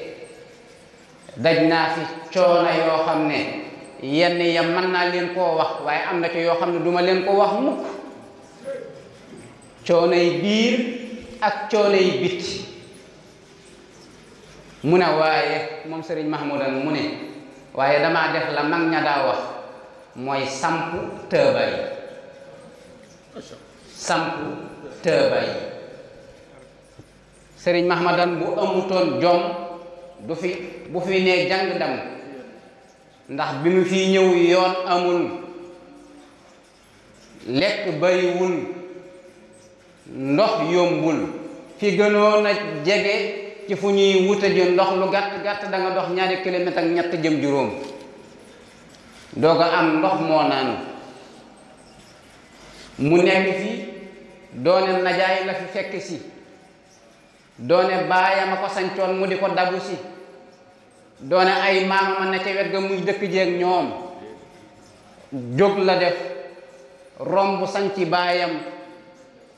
daj naa fi coono yoo xam ne yenn yam man naa leen koo wax waaye am na ci yoo xam ne duma leen ko wax mukk coonay biir ak coonay biti mu ne waaye moom sëriñ Mahmoudan mu ne waaye damaa def la mag ña daa wax mooy samp tëbay samp tëbay sëriñ Mahmoudan bu amutoon jom du fi bu fi nee jàng ndam ndax bi mu fi ñëw yoon amul lekk bariwul ndox yombul fi gënoon a jege ci fu ñuy wuta ji ndox lu gàtt gàtt da dox ñaari kilomètre ak ñett jëm juróom doo ko am ndox moo naan mu nekk fi doone najaay la fi fekk si doone baayam a ko sancoon mu di ko dabu si doone ay maama man na ca ga muy dëkk jeeg ñoom jóg la def romb sanci baayam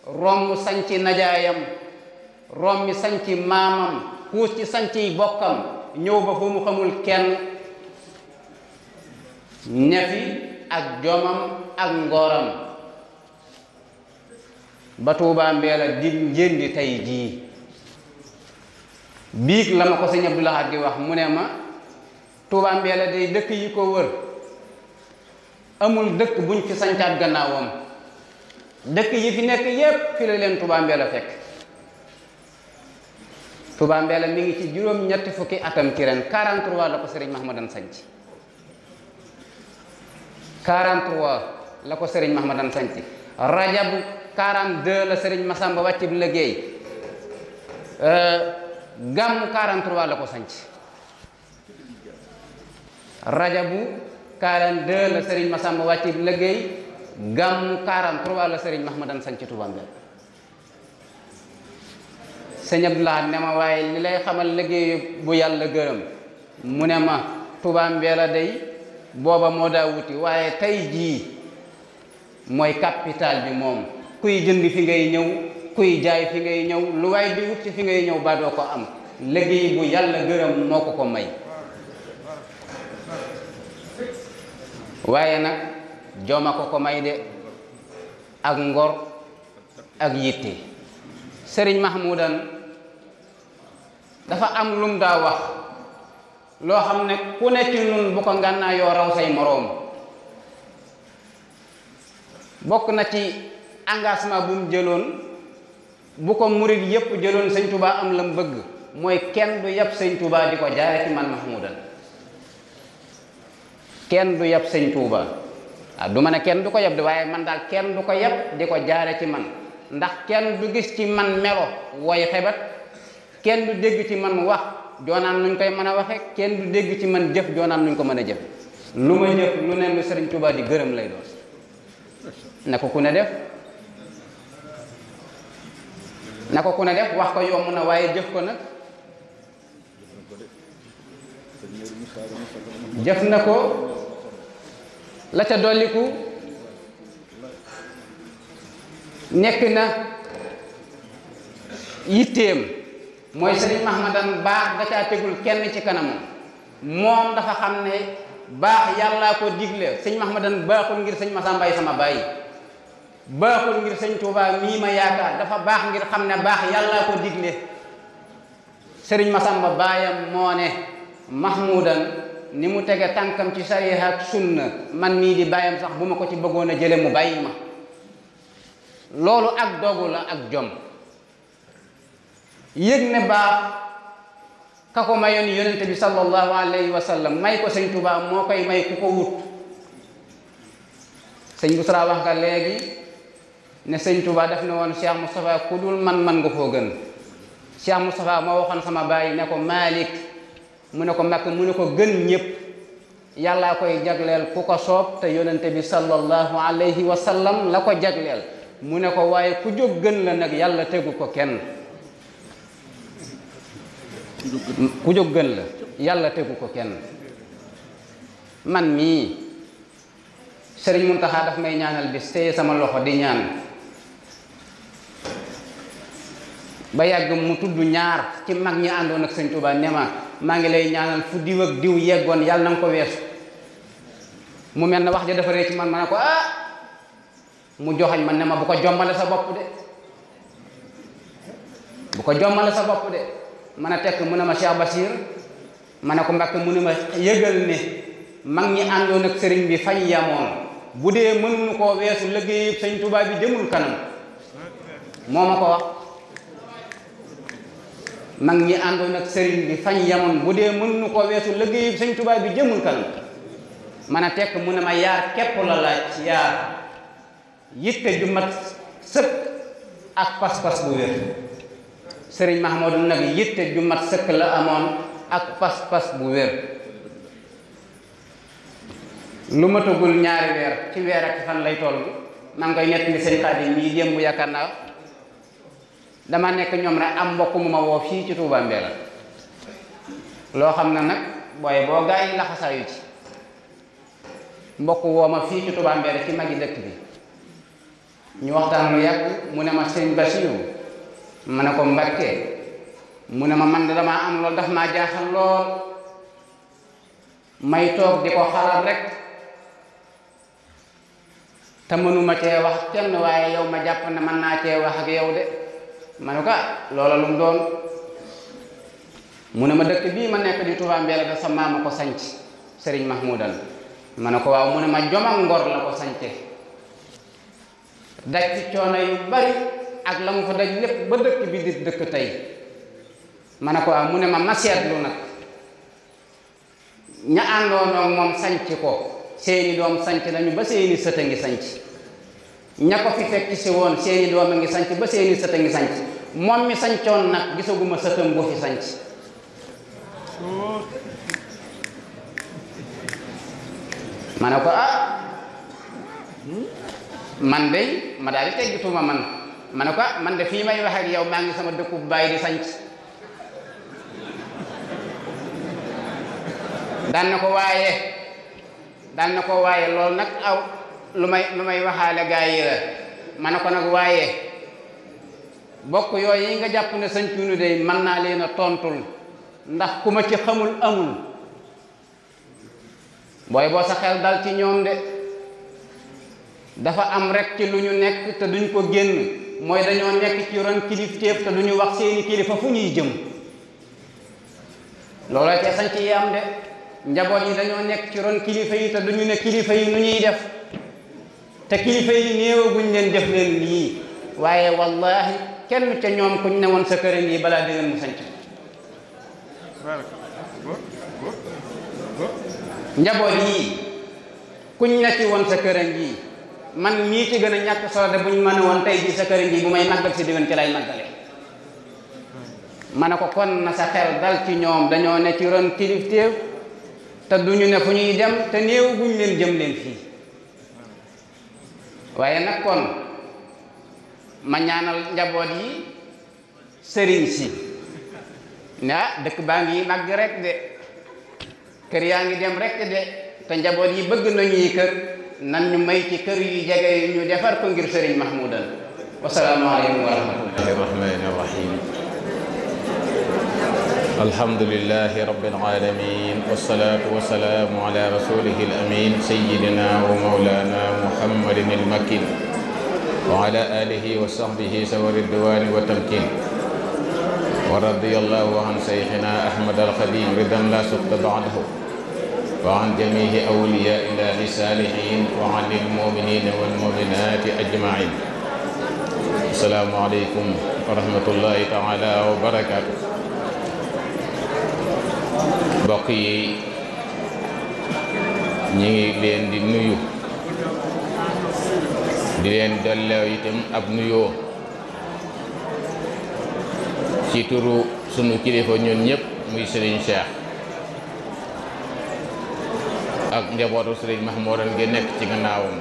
romb sanci najaayam romb sanci maamam xuus ci sanciy bokkam ñëw ba fu mu xamul kenn ñafi ak jomam ak ngooram ba Tuubaa Mbeela di njëndi tey jii biig la ma ko sëñ Abdou Lahad gi wax mu ne ma Touba la day dëkk yi ko wër amul dëkk buñ fi sancaat gannaawam dëkk yi fi nekk yépp fi la leen Touba Mbella fekk Touba Mbella mi ngi ci juróom ñetti fukki atam ci ren 43 la ko sëriñ Mahamadan sanc 43 la ko sëriñ Mahamadan sanc rajab 42 la sëriñ Masamba wàcc bi liggéey euh, gàmmu 43 la ko sanc rajabu 42 la ma sàmm wàcci liggéey gàmmu 43 la Serigne Mahmadan sanc Touba Mbéne sëñ Abdoulaye ne ma waaye li lay xamal liggéey bu yàlla gërëm mu ne ma Touba Mbéne day booba moo daa wuti waaye tey jii mooy capital bi moom kuy jënd fi ngay ñëw kuy jaay fi ngay ñëw lu waay di wut ci fi ngay ñëw ba doo ko am liggéey bu yàlla gërëm moo ko ko may waaye nag jooma ko ko may de ak ngor ak yitte sëriñ Mahmoudan dafa am lum daa wax loo xam ne ku ne ci nun bu ko yoo raw say moroom bokk na ci engagement bu mu jëloon bu ko murit yépp jëloon sëñ tubaa am lam bëgg mooy kenn du yab sëñ tubaa di ko jaare ci man mahmudan kenn du yab sëñ tuubaa waaw ah, du ma kenn du ko yab di waaye man daal kenn du ko yab di ko jaare ci man ndax kenn du gis ci man melo wooy xebat kenn du dégg ci man wax joonaan nuñ koy mën a waxe kenn du dégg ci man jëf joonaan nuñ ko mën a jëf lu ma jëf lu ne lu sëriñ tubaa di gërëm lay doon ne ko ku ne def na ko ku ne def wax ko yomb na waaye jëf ko nag jëf na ko la ca dolliku nekk na yitteem mooy sëriñ Mahmadan baax da caa tegul kenn ci kanamam moom dafa xam ne baax yàllaa ko digle sëñ Mahmadan baaxul ngir sëñ Masamba ay sama bàyyi baaxul ngir sëñ Tuubaa mii ma yaakaar dafa baax ngir xam ne baax yàllaa ko digle sëriñ Masamba baayam moo ne Mahmoudan ni mu tege tànkam ci sariya ak sunna man mii di baayam sax bu ma ko ci bëggoon a jële mu bàyyi ma loolu ak dogu la ak jom yëg ne baax ka ko mayoon yonente bi sallallahu alayhi wa sallam may ko sëñ Tuubaa moo koy may ku ko wut sëñ Busra wax nga léegi ne sëñ Touba def na woon Cheikh Moustapha ku dul man man nga koo gën Cheikh Moustapha moo waxoon sama bàyyi ne ko Malick mu ne ko Makk mu ne ko gën ñépp yàllaa koy jagleel ku ko soob te yonente bi sallallahu alayhi wa sallam la ko jagleel mu ne ko waaye ku jóg gën la nag yàlla tegu ko kenn ku jóg gën la yàlla tegu ko kenn man mii sëriñ Muntaxa daf may ñaanal bis téye sama loxo di ñaan ba yàgg mu tudd ñaar ci mag ñi àndoon ak sëñ Tuubaa ne ma maa ngi lay ñaanal fu diw ak diw yeggoon yàlla na ko weesu mu mel ne wax ja dafa ci man ma ko ah! mu joxañ man ne ma bu ko jommale sa bopp de bu ko sa bopp de man a tekk mu ne ma Cheikh Basir ma ne ko mbàkk mu ne ma yëgal ne mag ñi àndoon ak sëriñ bi fañ yamoon bu dee mënuñu koo weesu liggéey sëñ Tuubaa bi jëmul kanam moo ma wax mag ñi àndoon ak sëriñ bi fañ yamoon bu dee mën nu ko weesu liggéeyu sëñ Tuubaa bi jëmul kan man a tekk mu ne ma yaar képp la laaj yaar yitte ju mat sëkk ak pas-pas bu wér mat sëkk la amoon ak pas bu wér lu matagul ñaari weer ci weer ak fan lay toll maa ngi koy nettali sëñ Xaadim mii démb yaakaar naa dama nekk ñoom rek am mbokk mu ma woo fii ci Touba Mbella loo xam ne nag booy boo gaa yi laxasaayu ci mbokk woo ma fii ci Touba Mbella ci magi dëkk bi ñu waxtaan lu yàgg mu ne ma sëñ Bassirou ma ne ko Mbàkke mu ne ma man damaa am lool daf maa jaaxal lool may toog di ko xalaat rek te mënuma cee wax kenn waaye yow ma jàpp ne mën naa cee wax ak yow de ma ne ko ah mu ne ma dëkk bii ma nekk di Touba Mbélla sa maama ko sanc Serigne Mahmoudane ma ne ko waaw mu ne ma jom ak ngor la ko sance daj coono yu bari ak la mu fa daj lépp ba dëkk bi di dëkk tey ma ne ko waaw ah, mu ne ma ma seetlu nag ña àndoon ak moom sañc ko seeni doom sanc nañu ba seeni sët a ngi sanc ña ko fi fekk si woon seeni doom a ngi sanc ba seeni sët a ngi sanc moom mi sancoon nag gisaguma sëtam bu fi sanc ma ne ko ah man de ma daal teggituma man ma ne ko ah man de fii may wax ak yow maa ngi sama dëkku bàyyi di sanc daan na ko waaye daan na ko waaye loolu nag aw lu may lu may waxaale gaa yi la ma ne ko nag waaye bokk yooyu yi nga jàpp ne sëñ Cuunu dey mën naa leen a tontul ndax ku ma ci xamul amul booy boo sa xel dal ci ñoom de dafa am rek ci lu ñu nekk te duñ ko génn mooy dañoo nekk ci ron kilifteef te wax seeni kilifa fu ñuy jëm looloo te sañ ci yi am de njaboot yi dañoo nekk ci ron kilifa yi te duñu ne kilifa yi nu ñuy def te kilifa yi leen def leen lii waaye wallahi kenn ca ñoom kuñ ne woon sa kër yi balaa déwén mu sanc njaboot yii kuñ ne ci woon sa këran ji man mii ci gën a ñàkk solo de buñ mën a woon tey ji sa këran ji bu may màggal si diggante lay màggale ma ne ko kon na sa xel dal ci ñoom dañoo ne ci ron kilifteew te duñu ne fu dem te néew buñ leen jëm fii waaye nag kon ma ñaanal njaboot yi sëriñ si ne ah dëkk baa ngi màgg rek de kër yaa ngi dem rek de te njaboot yi bëgg nañuy kër nan ñu may ci kër yi jege ñu defar ko ngir sëriñ Mahmoudan wasalaamualeykum wa rahmatullahi alhamdulilahi rabbil alamin wasalaatu wasalaamu ala rasulihi al amin sayidina wa maulana muhammadin al makin wa ala alihi wa sahbihi sawa ridwani wa tamkin wa radiyallahu an sayxina ahmad al xadim ridan la sukta baadahu wa an jamihi awliya ilahi salihin wa an il muminina wal muminati ajmain asalaamu aleykum wa rahmatullahi taala wa barakatuh mbokk yi ñu ngi leen di nuyu di leen delloo itam ab nuyoo ci turu sunu kilifa ñun ñëpp muy Serigne Cheikh ak njabootu Serigne Mahmoudan gi nekk ci gannaawam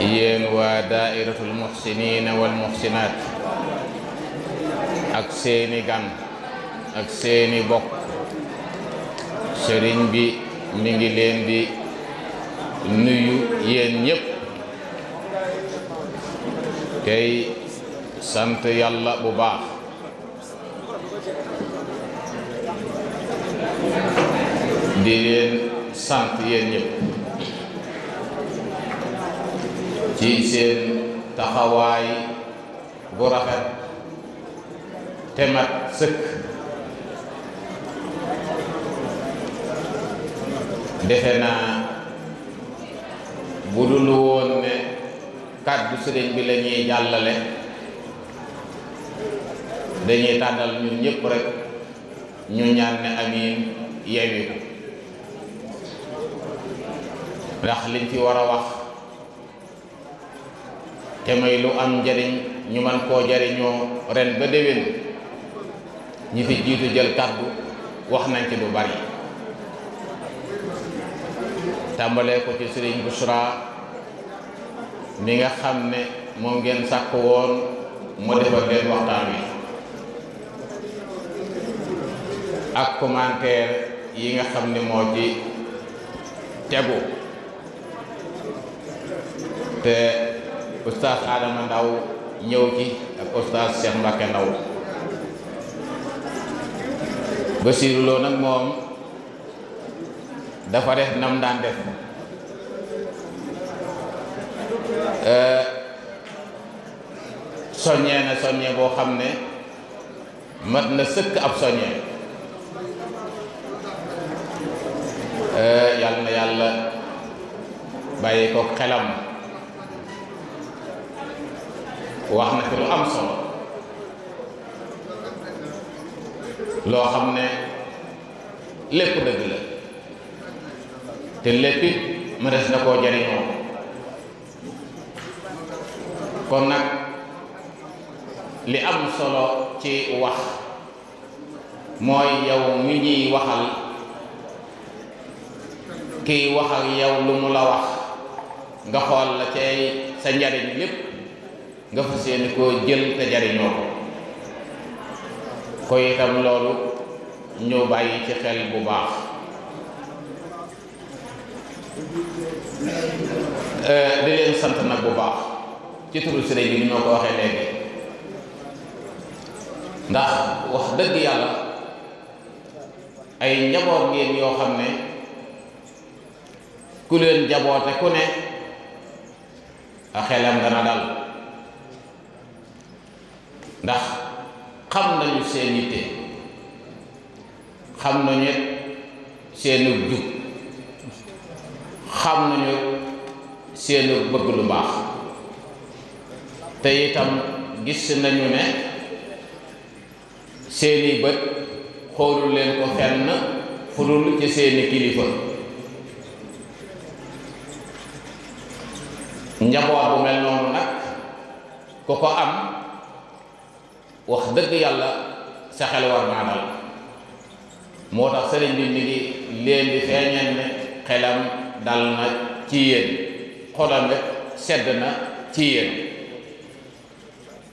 yéen waa daairatul muhsiniina wal muhsinaat ak seeni gan ak seeni bokk sëriñ bi mi ngi leen di nuyu yéen ñépp tey sant yàlla bu baax di leen sant yéen ñépp ci taxawaay bu rafet sëkk defe naa bu dul woon ne kàddu sëriñ bi la ñuy jàllale dañuy tànnal ñun ñëpp rek ñu ñaan ne amiin ndax liñ ci war a wax te may lu am njariñ ñu man koo jariñoo ren ba déwén ñi fi jiitu jël kàddu wax nañ ci lu bari tàmbalee ko ci Serigne Bouchra mi nga xam ne moom ngeen sàkk woon mu defal leen waxtaan wi ak commentaire yi nga xam ne moo ci tegu te oustaz Adama Ndaw ñëw ci ak oustaz Cheikh Mbacke Ndaw Basiru Lo nag moom dafa def nam daan def euh, soññee na soññee boo xam ne mat na sëkk ab soññee euh, yàlla na yàlla bàyyi ko xelam wax na fi lu am solo loo xam ne lépp dëgg la te lépp ma des na koo jariñoo kon nag li am solo ci wax mooy yow mi ñuy waxal kiy wax ak yow lu mu la wax nga xool la cay sa njariñ lépp nga fas yéene koo jël te jariñoo ko koy itam loolu ñu bàyyi ci xel bu baax Euh, di leen sant nag bu baax ci turu sëriñ bi ni ñoo ko waxee léegi ndax wax dëgg yàlla ay njaboot ngeen yoo xam ne ku leen njaboote ku ne a xelam dana dal ndax xam nañu seen yitte xam nañu seenu jub xam nañu seenu bëgg lu baax te itam gis nañu ne seeni bët xoolul leen ko fenn fu dul ci seeni kilifa njaboot bu mel noonu nag ku ko am wax dëgg yàlla sa xel war naa dal moo tax sëriñ bi mi leen di feeñal xelam dal na ci yéen xolam rek sedd na ci yéen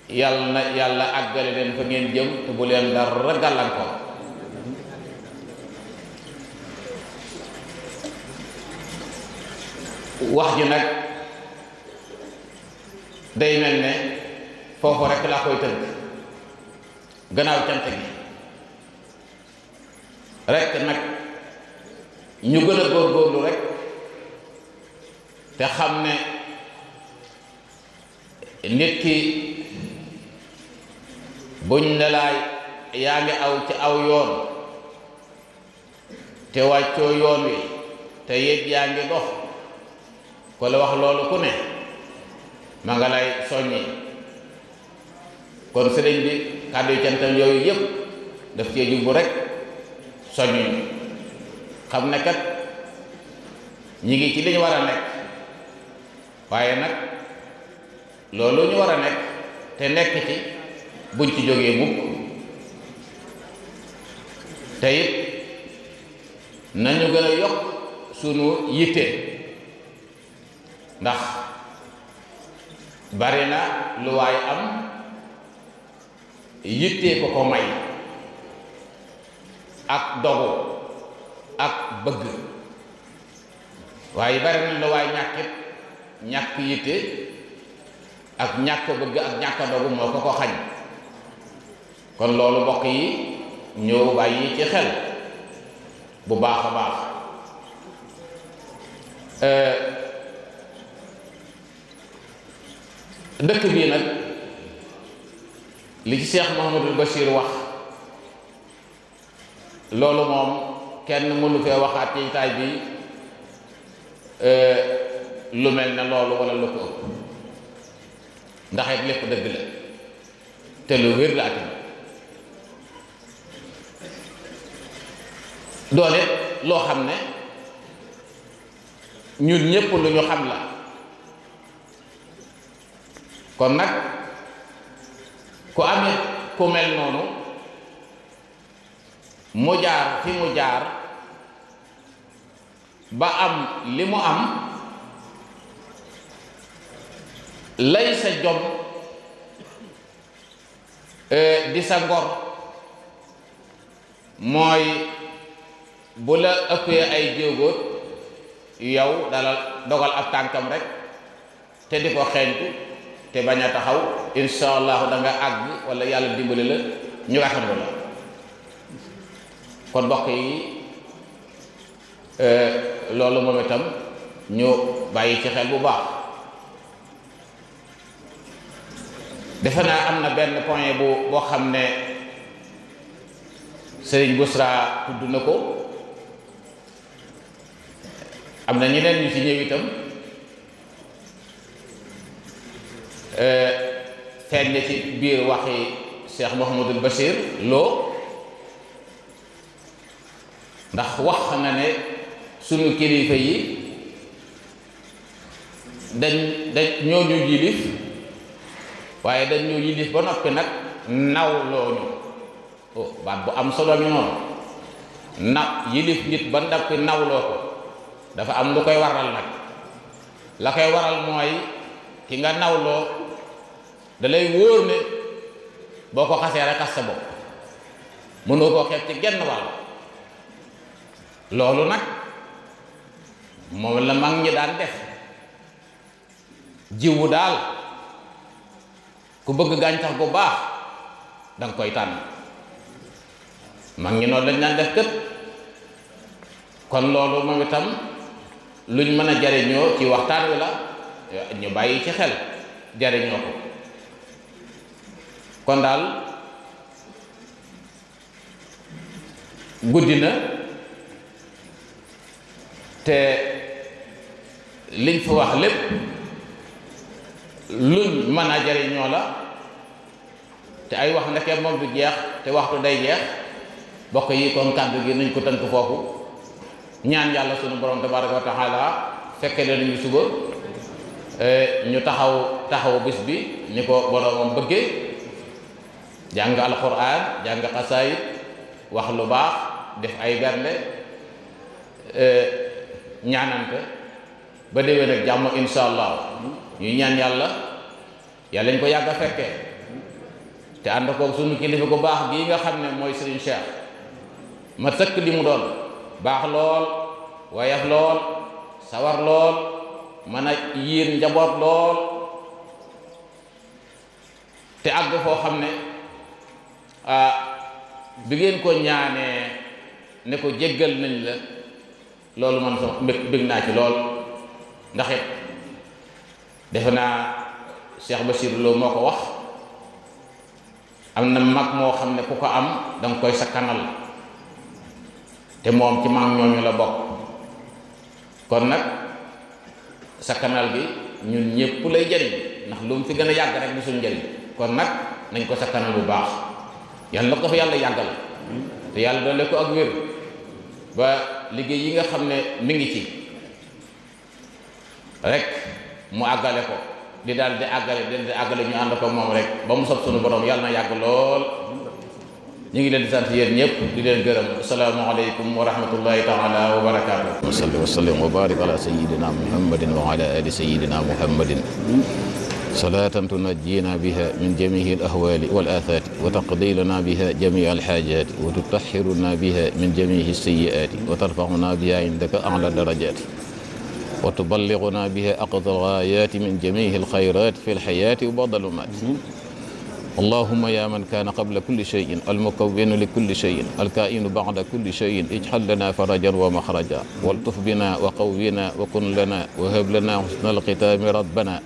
yàlla na yàlla àggale leen fa ngeen jëm te leen dara gàllankoor wax ji nag day mel ne foofu rek laa koy tënk gannaaw cant gi rek nag ñu gën a góorgóorlu rek te xam ne nit ki buñ ne laay yaa ngi aw ci aw yoon te wàccoo yoon wi te yëg yaa ngi dox ko la wax loolu ku ne ma nga lay soññi kon sëriñ bi kàddu yooyu yëpp daf cee jubbu rek soññi xam ne kat ñi ngi ci li war a nekk waaye nag loolu ñu war a nekk te nekk ci buñ ci jógee mukk te nañu gën a yokk sunu yitte ndax bari na lu waay am yitte ko ko may ak dogu ak bëgg waaye bari lu waay ñàkkit ñàkk yitte ak ñàkk bëgg ak ñàkk dogu moo ko ko xañ kon loolu mbokk yi ñëw bàyyi ci xel bu baax a baax euh, dëkk bii nag li ci Cheikh Mouhamadul Bachir wax loolu moom kenn mënu fee waxaat ci bi euh, lu mel na loolu wala lu ko ëpp ndax it lépp dëgg la te lu wér la atam doole loo xam ne ñun ñëpp lu ñu xam la kon nag ku amee ku mel noonu mu jaar fi mu jaar ba am li mu am lay sa jom eh, di sa ngor mooy bu la ëppee ay jéego yow dala dogal ab tànkam rek te di ko xeeñtu te bañ a taxaw insha allahu da nga àgg wala yàlla dimbali la ñu rafetlu la kon mbokk yi eh, loolu moom itam ñu bàyyi ci xel bu baax defe naa am na benn point bu boo xam ne Serigne Bousra tudd na ko am na ñeneen ñu ci ñëw itam euh, feeñ ci biir waxi Cheikh Mouhamadul Bachir loo ndax wax na ne sunu kilifa yi dañ dañ ñoo ñu jilif waaye dañ ñu yilif ba noppi nag nawloo ñu oh baat bu am solo ñu noonu na yilif nit ba noppi nawloo ko dafa am lu koy waral nag la koy waral mooy ki nga nawloo da lay wóor ne boo ko xasee rek xas sa bopp mënoo koo xeeb ci genn wàll loolu nag moom la mag ñi daan def jiwu daal ku bëgg gàncax bu baax danga koy tànn mag ngi noonu lañ naan def kët kon loolu moom itam luñ mën a jariñoo ci waxtaan wi la ñu bàyyi ci xel jariñoo ko kon daal guddi na te liñ fa wax lépp luñ mën a ñoo la te ay wax ndeke moom bu jeex te waxtu day jeex bokk yi kon kàddu gi nañ ko tënk foofu ñaan yàlla sunu borom tabaraka wa taala fekke leen ñu suba eh, ñu taxaw taxaw bis bi ni ko boromam bëggee jàng alquran jàng xasaayit wax lu baax def ay bernde eh, ñaanante ba déwén ak jàmm insha ñuy ñaan yàlla yàlla ñu ko yàgg a te ànd koog suñu kilifa gu baax gii nga xam ne mooy Serigne Cheikh ma sëkk li mu doon baax lool wayaf lool sawar lool mën a yiir njaboot lool te àgg foo xam ne ah bi ngeen ko ñaanee ne ko jéggal nañ la loolu man sama mbég naa ci lool ndax defe naa Cheikh Bachir Lo moo ko wax am na mag moo xam ne ku ko am danga koy sakkanal te moom ci mag ñooñu la bokk kon nag sakkanal bi ñun ñépp lay jariñ ndax lu mu fi gën a yàgg rek du suñ njariñ kon nag nañ ko sakkanal bu baax yàlla ko fi yàlla yàggal te yàlla doole ko ak wér ba liggéey yi nga xam ne mi ngi ci rek mu àggale ko di daal di àggale di àggale ñu ànd ko moom rek ba mu sob sunu borom yàlla na yàgg lool ñu ngi leen di sant yéen ñëpp di leen gërëm asalaamaaleykum wa rahmatullahi taala wa barakaatu wa salli wa sallim wa barik ala sayidina muhammadin wa ala ali sayidina muhammadin salaatan tunajjina biha min jamihi alahwali wal athati wa taqdi lana biha jami alxaajati wa tutahhiruna biha min jamihi sayiati wa tarfauna biha indaka ala darajati wa tuballighuna biha aqdal ghaayati min jamiihi alxayraati fi alxayaati wa ba'da almamaati allahumma ya man kaana qabla kulli shay'in almukawwinu li kulli shay'in alkaa'inu ba'da kulli shay'in ij'al lana farajan wa makhraja waltuf bina wa qawwina wa kun lana wa hab lana husnal khitaami rabbana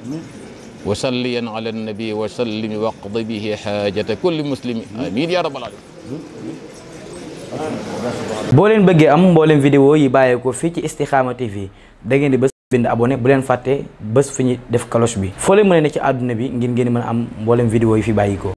wa salliyan ala annabi wa sallim waqdi bihi haajata kulli muslimi amin ya rabbal alamin boo leen bëggee am mboolem vidéo yi bàyyeekoo fii ci Istikhama TV da ngeen di bës bind abone bu leen fàtte bës fi ñu def cloche bi foo leen mën ne ci àdduna bi ngir ngeen mën am mboolem vidéo yi fi bàyyikoo